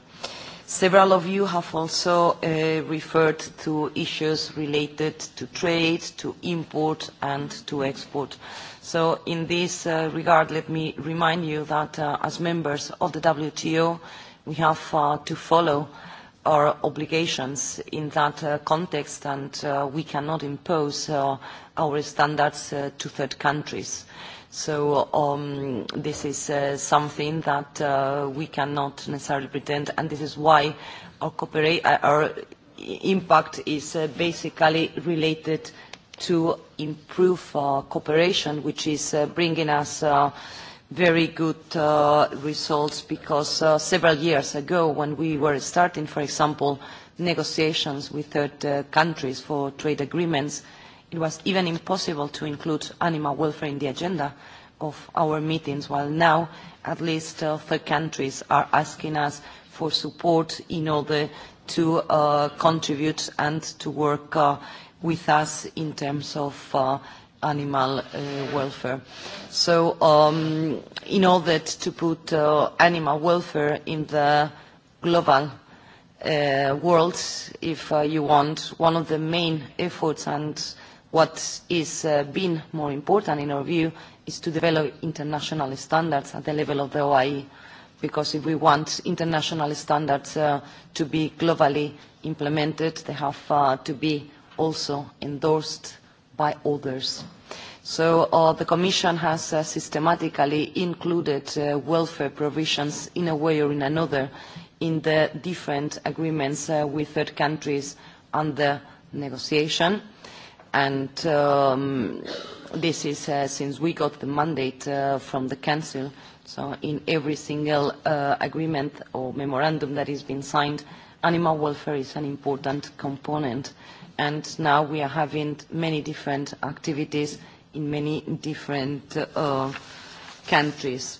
Several of you have also uh, referred to issues related to trade, to import, and to export. So in this uh, regard, let me remind you that uh, as members of the WTO, we have uh, to follow our obligations in that uh, context, and uh, we cannot impose uh, our standards uh, to third countries. Uh, So um, this is uh, something that uh, we cannot necessarily pretend, and this is why our uh, impact is basically related to improve cooperation, which is bringing us very good results. Because several years ago, when we were starting, for example, negotiations with third countries for trade agreements, It was even impossible to include animal welfare in the agenda of our meetings, while now at least uh, the countries are asking us for support in order to uh, contribute and to work uh, with us in terms of uh, animal uh, welfare. So um, in order to put uh, animal welfare in the global uh, world, if uh, you want, one of the main efforts and uh, What is uh, been more important in our view is to develop international standards at the level of the OIE because if we want international standards uh, to be globally implemented, they have uh, to be also endorsed by others. So uh, the Commission has uh, systematically included uh, welfare provisions in a way or in another in the different agreements uh, with third countries under negotiation. And um, this is uh, since we got the mandate uh, from the Council. So in every single uh, agreement or memorandum that has been signed, animal welfare is an important component. And now we are having many different activities in many different uh, countries.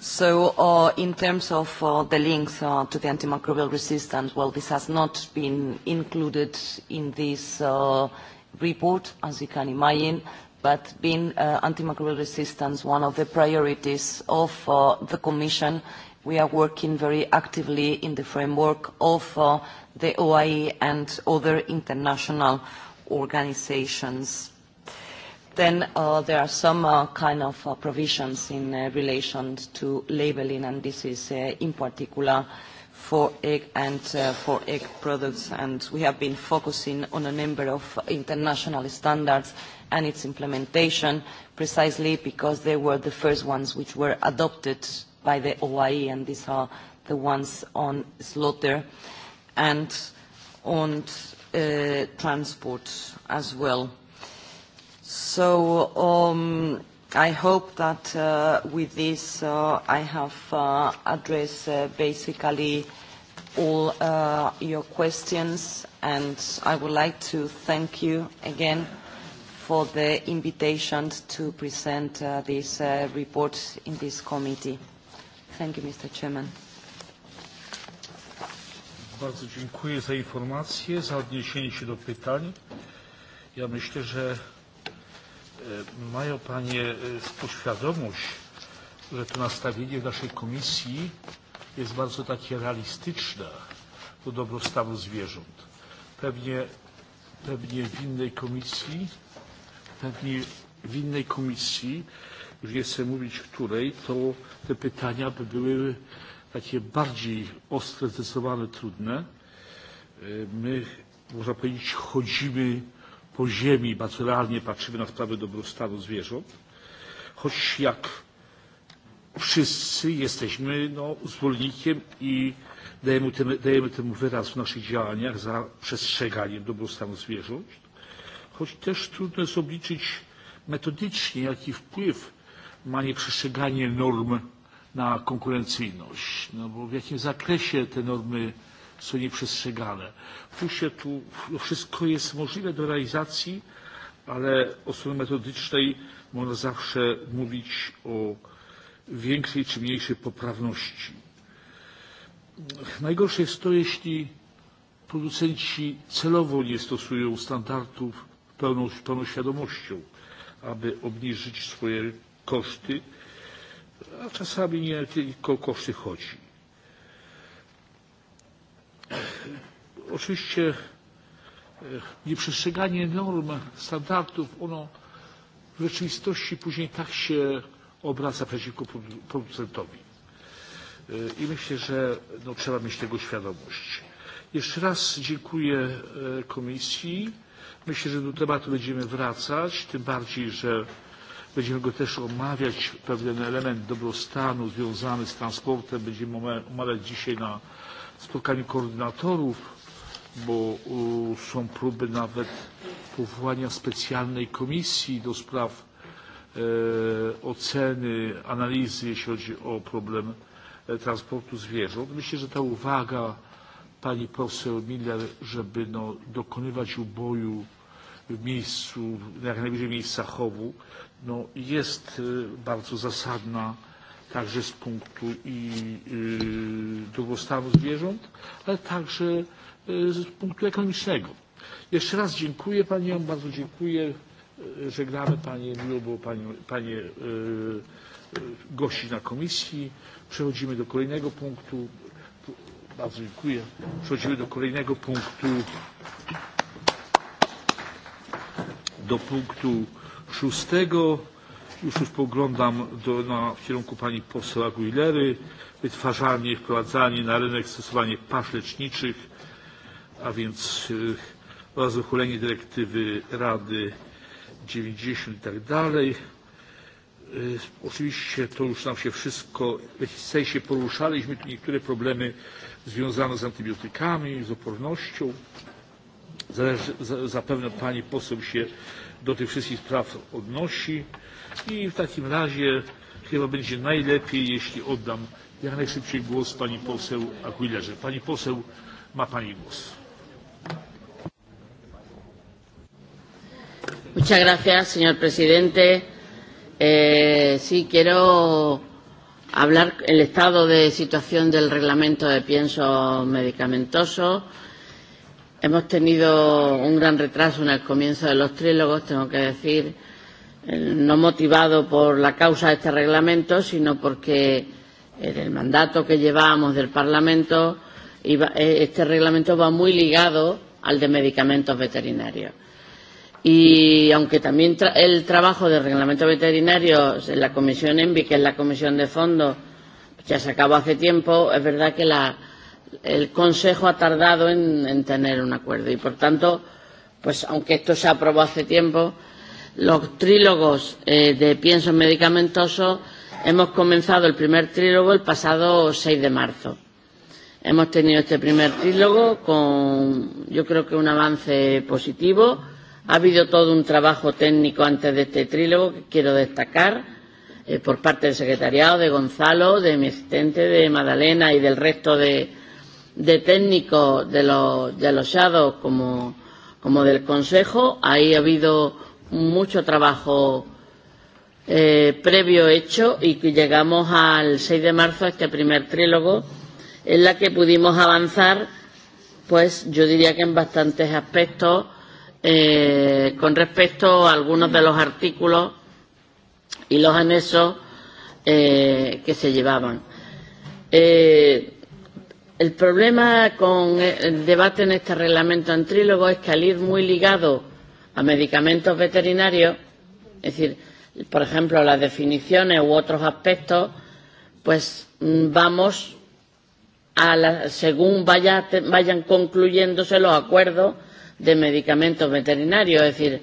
So, uh, in terms of uh, the links uh, to the antimicrobial resistance, well, this has not been included in this report, as you can imagine, but being antimicrobial resistance one of the priorities of the commission, we are working very actively in the framework of the OIE and other international organizations then uh, there are some uh, kind of uh, provisions in uh, relation to labeling, and this is uh, in particular for egg and uh, for egg products. And we have been focusing on a number of international standards and its implementation, precisely because they were the first ones which were adopted by the OIE, and these are the ones on slaughter and on uh, transport as well. So, um, I hope that uh, with this uh, I have uh, addressed basically all your questions, and I would like to thank you again for the invitation to present this report in this committee. Thank you, Mr. Chairman. Bardzo dziękuję za informację, za odniesienie się do pytań. Ja myślę, że mają Panie e, świadomość, że to nastawienie w naszej komisji jest bardzo takie realistyczne do dobrostanu zwierząt. Pewnie, pewnie w innej komisji, pewnie w innej komisji, już nie chcę mówić której, to te pytania by były takie bardziej ostre, zdecydowane, trudne. E, my, można powiedzieć, chodzimy po ziemi materialnie patrzymy na sprawy dobrostanu zwierząt, choć jak wszyscy jesteśmy no, zwolennikiem i dajemy temu, dajemy temu wyraz w naszych działaniach za przestrzeganiem dobrostanu zwierząt, choć też trudno jest obliczyć metodycznie, jaki wpływ ma nieprzestrzeganie norm na konkurencyjność, no bo w jakim zakresie te normy są nieprzestrzegane. Tu się tu no wszystko jest możliwe do realizacji, ale od strony metodycznej można zawsze mówić o większej czy mniejszej poprawności. Najgorsze jest to, jeśli producenci celowo nie stosują standardów pełną, pełną świadomością, aby obniżyć swoje koszty, a czasami nie tylko o koszty chodzi oczywiście e, nieprzestrzeganie norm, standardów, ono w rzeczywistości później tak się obraca przeciwko producentowi. E, I myślę, że no, trzeba mieć tego świadomość. Jeszcze raz dziękuję e, Komisji. Myślę, że do tematu będziemy wracać, tym bardziej, że będziemy go też omawiać, pewien element dobrostanu związany z transportem będziemy omawiać dzisiaj na spotkanie koordynatorów, bo są próby nawet powołania specjalnej komisji do spraw e, oceny, analizy, jeśli chodzi o problem e, transportu zwierząt. Myślę, że ta uwaga pani poseł Miller, żeby no, dokonywać uboju w miejscu, jak najbliżej miejsca chowu, no, jest e, bardzo zasadna także z punktu i dobrostanu zwierząt, ale także z punktu ekonomicznego. Jeszcze raz dziękuję Pani, ja bardzo dziękuję. Żegnamy Panie, miło było Panie, panie gości na komisji. Przechodzimy do kolejnego punktu. Bardzo dziękuję. Przechodzimy do kolejnego punktu. Do punktu szóstego już, już poglądam do, na, w kierunku pani poseł Aguilery, wytwarzanie, wprowadzanie na rynek, stosowanie pasz leczniczych, a więc y, oraz uchylenie dyrektywy Rady 90 i tak dalej. Oczywiście to już nam się wszystko w jakimś sensie poruszaliśmy, tu niektóre problemy związane z antybiotykami, z opornością. Zależy, za, zapewne pani poseł się do tych wszystkich spraw odnosi i w takim razie chyba będzie najlepiej, jeśli oddam jak najszybciej głos pani poseł Aguilerze. Pani poseł, ma pani głos. Muchas gracias, señor presidente. Eh, sí, quiero hablar el estado de situación del reglamento de pienso medicamentoso. Hemos tenido un gran retraso en el comienzo de los trílogos, tengo que decir, eh, no motivado por la causa de este reglamento, sino porque en el mandato que llevábamos del Parlamento, eh, este reglamento va muy ligado al de medicamentos veterinarios. Y aunque también el trabajo de reglamento veterinario en la Comisión ENVI, que es la Comisión de Fondo, ya se acabó hace tiempo, es verdad que la el Consejo ha tardado en, en tener un acuerdo y, por tanto, pues aunque esto se aprobó hace tiempo, los trílogos eh, de piensos medicamentosos hemos comenzado el primer trílogo el pasado 6 de marzo. Hemos tenido este primer trílogo con, yo creo que, un avance positivo. Ha habido todo un trabajo técnico antes de este trílogo que quiero destacar eh, por parte del secretariado, de Gonzalo, de mi asistente, de Madalena y del resto de, de técnicos de los, de los Shadows como, como del Consejo. Ahí ha habido mucho trabajo eh, previo hecho y llegamos al 6 de marzo a este primer trílogo en la que pudimos avanzar, pues yo diría que en bastantes aspectos eh, con respecto a algunos de los artículos y los anexos eh, que se llevaban. Eh, El problema con e, el debate en este reglamento en trílogo es que al ir muy ligado a medicamentos veterinarios, es decir, por ejemplo, las definiciones u otros aspectos, pues mm, vamos a la, según vaya, vayan concluyéndose los acuerdos de medicamentos veterinarios, es decir,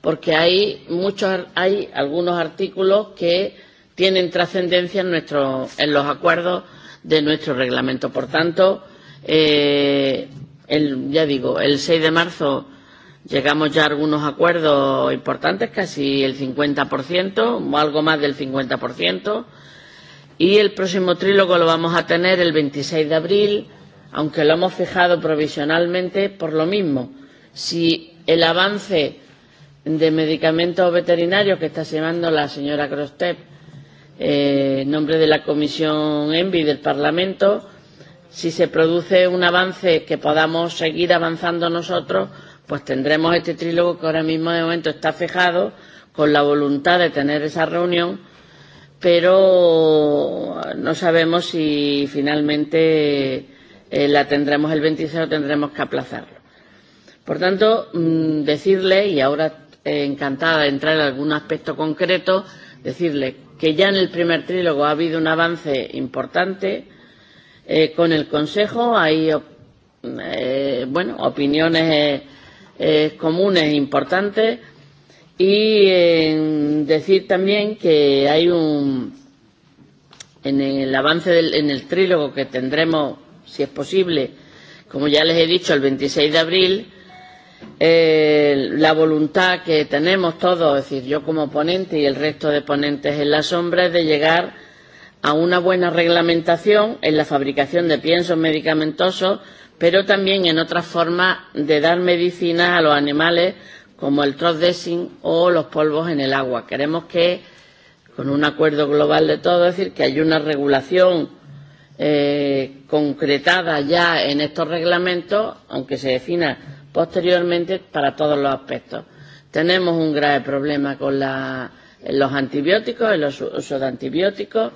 porque hay, muchos, hay algunos artículos que tienen trascendencia en, en los acuerdos de nuestro reglamento. Por tanto, eh, el, ya digo, el 6 de marzo llegamos ya a algunos acuerdos importantes, casi el 50%, algo más del 50%, y el próximo trílogo lo vamos a tener el 26 de abril, aunque lo hemos fijado provisionalmente por lo mismo. Si el avance de medicamentos veterinarios que está llevando la señora Crostep eh, en nombre de la Comisión ENVI del Parlamento, si se produce un avance que podamos seguir avanzando nosotros, pues tendremos este trílogo que ahora mismo de momento está fijado con la voluntad de tener esa reunión, pero no sabemos si finalmente eh, la tendremos el 26 o tendremos que aplazarlo. Por tanto, mmm, decirle, y ahora eh, encantada de entrar en algún aspecto concreto, decirle que ya en el primer trílogo ha habido un avance importante eh, con el Consejo. Hay op eh, bueno, opiniones eh, eh, comunes e importantes. Y eh, decir también que hay un. En el avance del, en el trílogo que tendremos, si es posible, como ya les he dicho, el 26 de abril, eh, la voluntad que tenemos todos, es decir, yo como ponente y el resto de ponentes en la sombra, es de llegar a una buena reglamentación en la fabricación de piensos medicamentosos, pero también en otras formas de dar medicina a los animales, como el trotdesing o los polvos en el agua. Queremos que, con un acuerdo global de todo, es decir, que haya una regulación eh, concretada ya en estos reglamentos, aunque se defina posteriormente para todos los aspectos. Tenemos un grave problema con la, los antibióticos, el uso de antibióticos,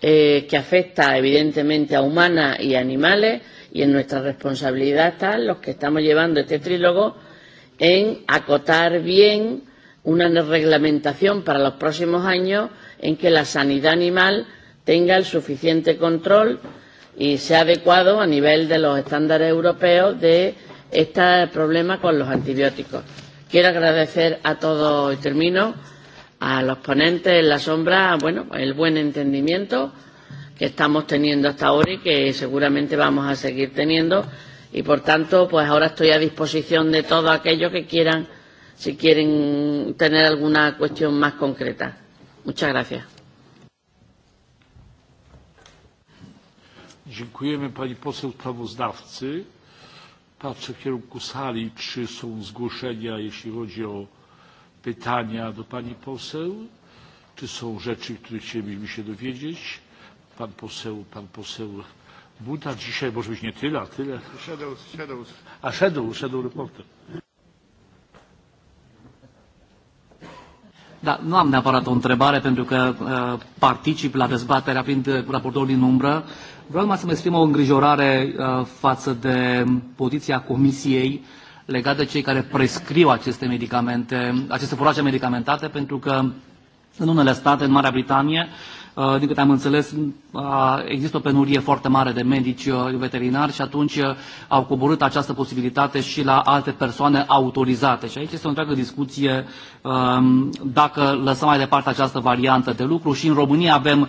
eh, que afecta evidentemente a humanas y animales, y en nuestra responsabilidad está los que estamos llevando este trílogo en acotar bien una reglamentación para los próximos años en que la sanidad animal tenga el suficiente control y sea adecuado a nivel de los estándares europeos de este problema con los antibióticos. Quiero agradecer a todos y termino a los ponentes en la sombra, bueno, el buen entendimiento que estamos teniendo hasta ahora y que seguramente vamos a seguir teniendo. Y por tanto, pues ahora estoy a disposición de todos aquellos que quieran, si quieren tener alguna cuestión más concreta. Muchas gracias. Dziękujemy Pani Poseł Sprawozdawcy patrzę w kierunku sali, czy są zgłoszenia, jeśli chodzi o pytania do pani poseł, czy są rzeczy, które chcielibyśmy się dowiedzieć. Pan poseł, pan poseł Buda dzisiaj może być nie tyle, a tyle. Shadow, shadow. A szedł, szedł reporter. Da, nu am neapărat o întrebare pentru că uh, particip la dezbaterea fiind uh, raportorul din umbră. Uh, Vreau numai să-mi exprim o îngrijorare uh, față de poziția Comisiei legată de cei care prescriu aceste medicamente, aceste furaje medicamentate, pentru că în unele state, în Marea Britanie, uh, Uh, din câte am înțeles, uh, există o penurie foarte mare de medici uh, veterinari și atunci au coborât această posibilitate și la alte persoane autorizate. Și aici este o întreagă discuție um, dacă lăsăm mai departe această variantă de lucru și în România avem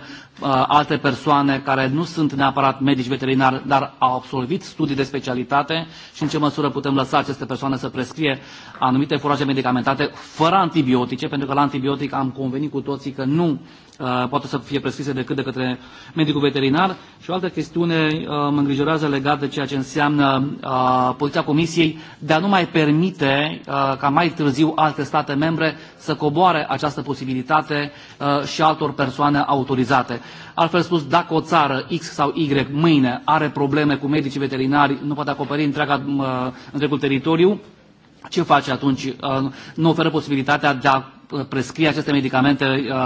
alte persoane care nu sunt neapărat medici veterinari, dar au absolvit studii de specialitate și în ce măsură putem lăsa aceste persoane să prescrie anumite furaje medicamentate fără antibiotice, pentru că la antibiotic am convenit cu toții că nu Eh, poate să fie prescrise decât de către medicul veterinar. Și o altă chestiune eh, mă îngrijorează legat de ceea ce înseamnă eh, poziția Comisiei de a nu mai permite ca mai târziu alte state membre să coboare această posibilitate și altor persoane autorizate. Altfel spus, dacă o țară X sau Y mâine are probleme cu medicii veterinari, nu poate acoperi întreaga, întregul teritoriu, ce face atunci? Nu oferă posibilitatea de a prescrie aceste medicamente,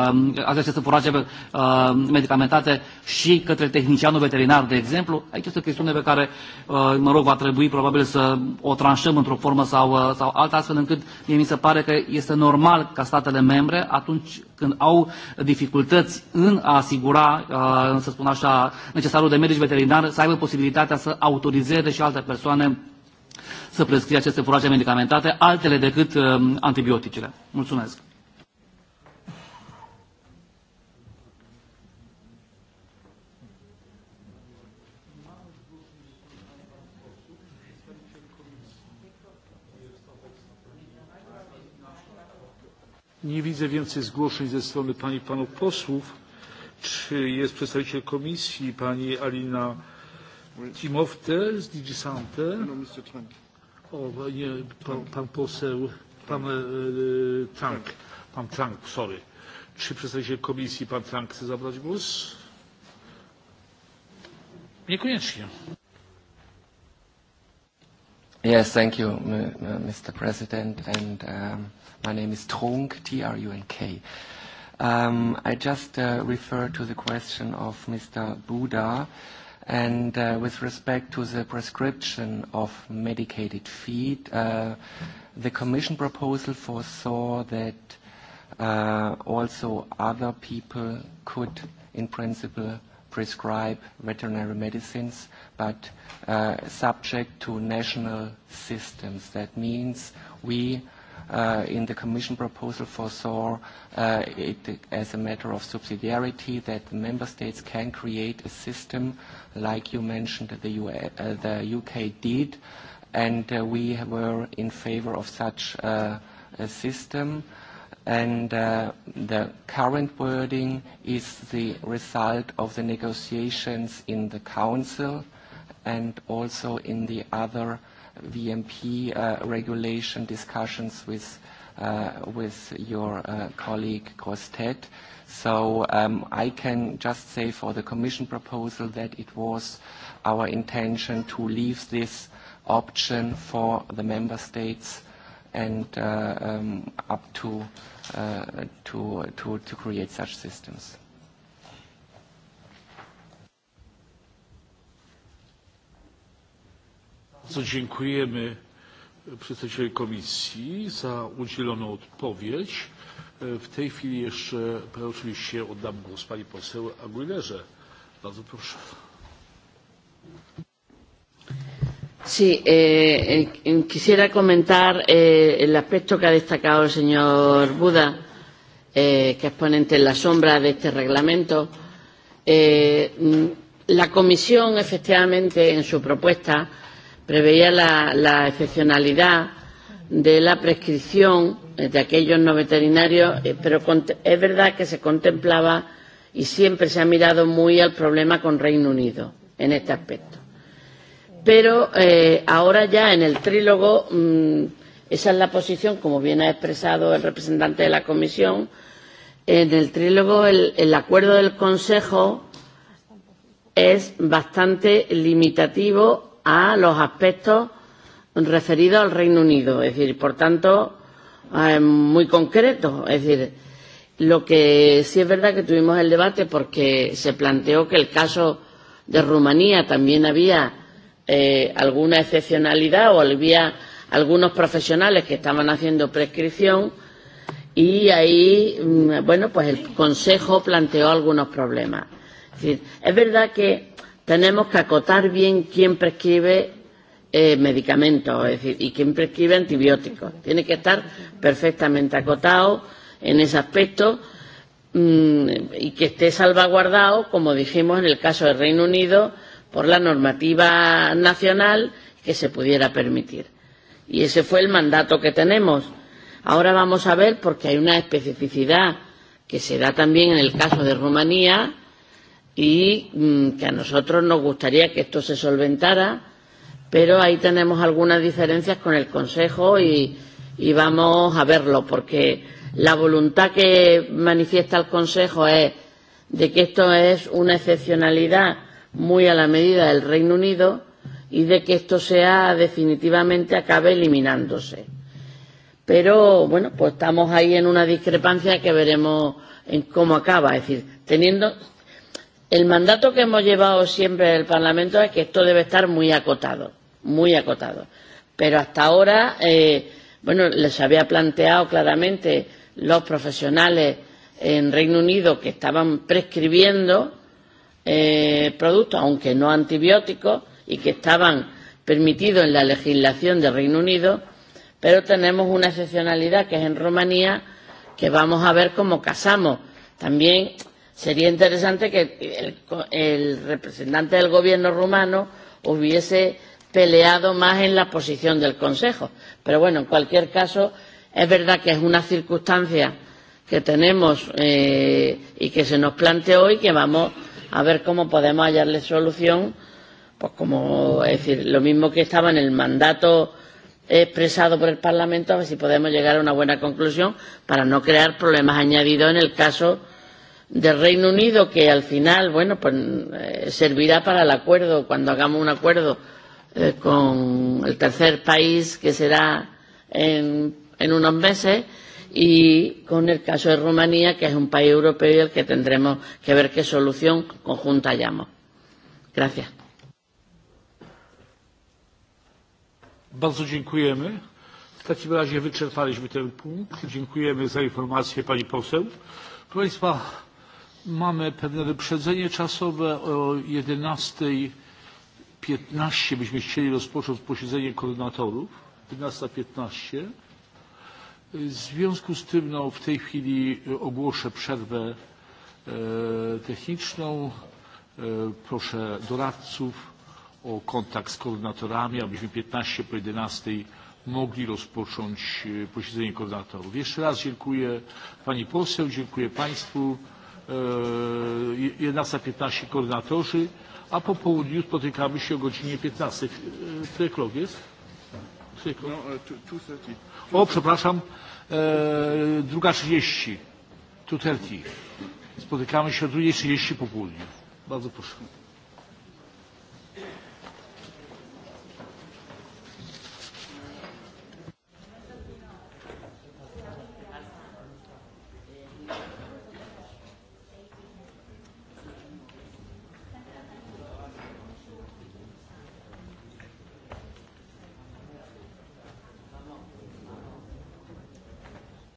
um, aceste furaje um, medicamentate și către tehnicianul veterinar, de exemplu. Aici este o chestiune pe care, uh, mă rog, va trebui probabil să o tranșăm într-o formă sau, uh, sau alta, astfel încât mie mi se pare că este normal ca statele membre, atunci când au dificultăți în a asigura, uh, să spun așa, necesarul de medici veterinar, să aibă posibilitatea să autorizeze și alte persoane să prescrie aceste furaje medicamentate, altele decât um, antibioticele. Mulțumesc! Nie widzę więcej zgłoszeń ze strony pani i panów posłów. Czy jest przedstawiciel komisji, pani Alina Timofte z Digisante? No, o, nie, pan, pan poseł, pan e, Trank, pan Trank, sorry. Czy przedstawiciel komisji, pan Trank chce zabrać głos? Niekoniecznie. Yes, thank you, Mr. President. And um, my name is Trunk, T-R-U-N-K. Um, I just uh, refer to the question of Mr. Buddha. And uh, with respect to the prescription of medicated feed, uh, the Commission proposal foresaw that uh, also other people could, in principle, prescribe veterinary medicines, but uh, subject to national systems. That means we, uh, in the Commission proposal, foresaw uh, it as a matter of subsidiarity that the member states can create a system like you mentioned the, U- uh, the UK did, and uh, we were in favor of such uh, a system and uh, the current wording is the result of the negotiations in the Council and also in the other VMP uh, regulation discussions with, uh, with your uh, colleague Grostet. So um, I can just say for the Commission proposal that it was our intention to leave this option for the Member States uh, and uh, um, up to, uh, to, to, to create such systems. Bardzo dziękujemy przedstawicielowi komisji za udzieloną odpowiedź. W tej chwili jeszcze oczywiście oddam głos pani poseł Aguilerze. Bardzo proszę. Sí, eh, eh, quisiera comentar eh, el aspecto que ha destacado el señor Buda, eh, que es ponente en la sombra de este reglamento. Eh, la comisión, efectivamente, en su propuesta, preveía la, la excepcionalidad de la prescripción eh, de aquellos no veterinarios, eh, pero es verdad que se contemplaba y siempre se ha mirado muy al problema con Reino Unido en este aspecto pero eh, ahora ya en el trílogo mmm, esa es la posición, como bien ha expresado el representante de la Comisión, en el trílogo el, el acuerdo del Consejo es bastante limitativo a los aspectos referidos al Reino Unido, es decir, por tanto, eh, muy concreto. Es decir, lo que sí es verdad que tuvimos el debate porque se planteó que el caso de Rumanía también había eh, alguna excepcionalidad o había algunos profesionales que estaban haciendo prescripción y ahí, mm, bueno, pues el Consejo planteó algunos problemas. Es, decir, es verdad que tenemos que acotar bien quién prescribe eh, medicamentos es decir, y quién prescribe antibióticos. Tiene que estar perfectamente acotado en ese aspecto mmm, y que esté salvaguardado, como dijimos en el caso del Reino Unido, por la normativa nacional que se pudiera permitir. Y ese fue el mandato que tenemos. Ahora vamos a ver, porque hay una especificidad que se da también en el caso de Rumanía y mmm, que a nosotros nos gustaría que esto se solventara, pero ahí tenemos algunas diferencias con el Consejo y, y vamos a verlo, porque la voluntad que manifiesta el Consejo es de que esto es una excepcionalidad muy a la medida del Reino Unido y de que esto sea definitivamente acabe eliminándose. Pero bueno, pues estamos ahí en una discrepancia que veremos en cómo acaba. Es decir, teniendo el mandato que hemos llevado siempre del Parlamento es que esto debe estar muy acotado, muy acotado. Pero hasta ahora, eh, bueno, les había planteado claramente los profesionales en Reino Unido que estaban prescribiendo, eh, productos, aunque no antibióticos, y que estaban permitidos en la legislación del Reino Unido, pero tenemos una excepcionalidad que es en Rumanía, que vamos a ver cómo casamos. También sería interesante que el, el representante del gobierno rumano hubiese peleado más en la posición del Consejo. Pero bueno, en cualquier caso, es verdad que es una circunstancia que tenemos eh, y que se nos plantea hoy que vamos a ver cómo podemos hallarle solución, pues como es decir, lo mismo que estaba en el mandato expresado por el Parlamento, a ver si podemos llegar a una buena conclusión para no crear problemas añadidos en el caso del Reino Unido, que al final, bueno, pues eh, servirá para el acuerdo, cuando hagamos un acuerdo eh, con el tercer país, que será en, en unos meses, y con el caso de Rumanía, que es un país europeo y el que tendremos que ver qué solución conjunta hallamos. Gracias. Bardzo dziękujemy. W takim razie wyczerpaliśmy ten punkt. Dziękujemy za informację pani poseł. Proszę Państwa, mamy pewne wyprzedzenie czasowe. O 11.15 byśmy chcieli rozpocząć posiedzenie koordynatorów. 11.15 związku z tym no, w tej chwili e, ogłoszę przerwę e, techniczną. E, proszę doradców o kontakt z koordynatorami, abyśmy 15 po 11 mogli rozpocząć posiedzenie koordynatorów. Jeszcze raz dziękuję Pani Poseł, dziękuję Państwu. 11.15 koordynatorzy, a po południu spotykamy się o godzinie 15. Tyle jest? Tyle O, przepraszam, e, druga trzydzieści. Tu Spotykamy się o drugiej trzydzieści po południu. Bardzo proszę.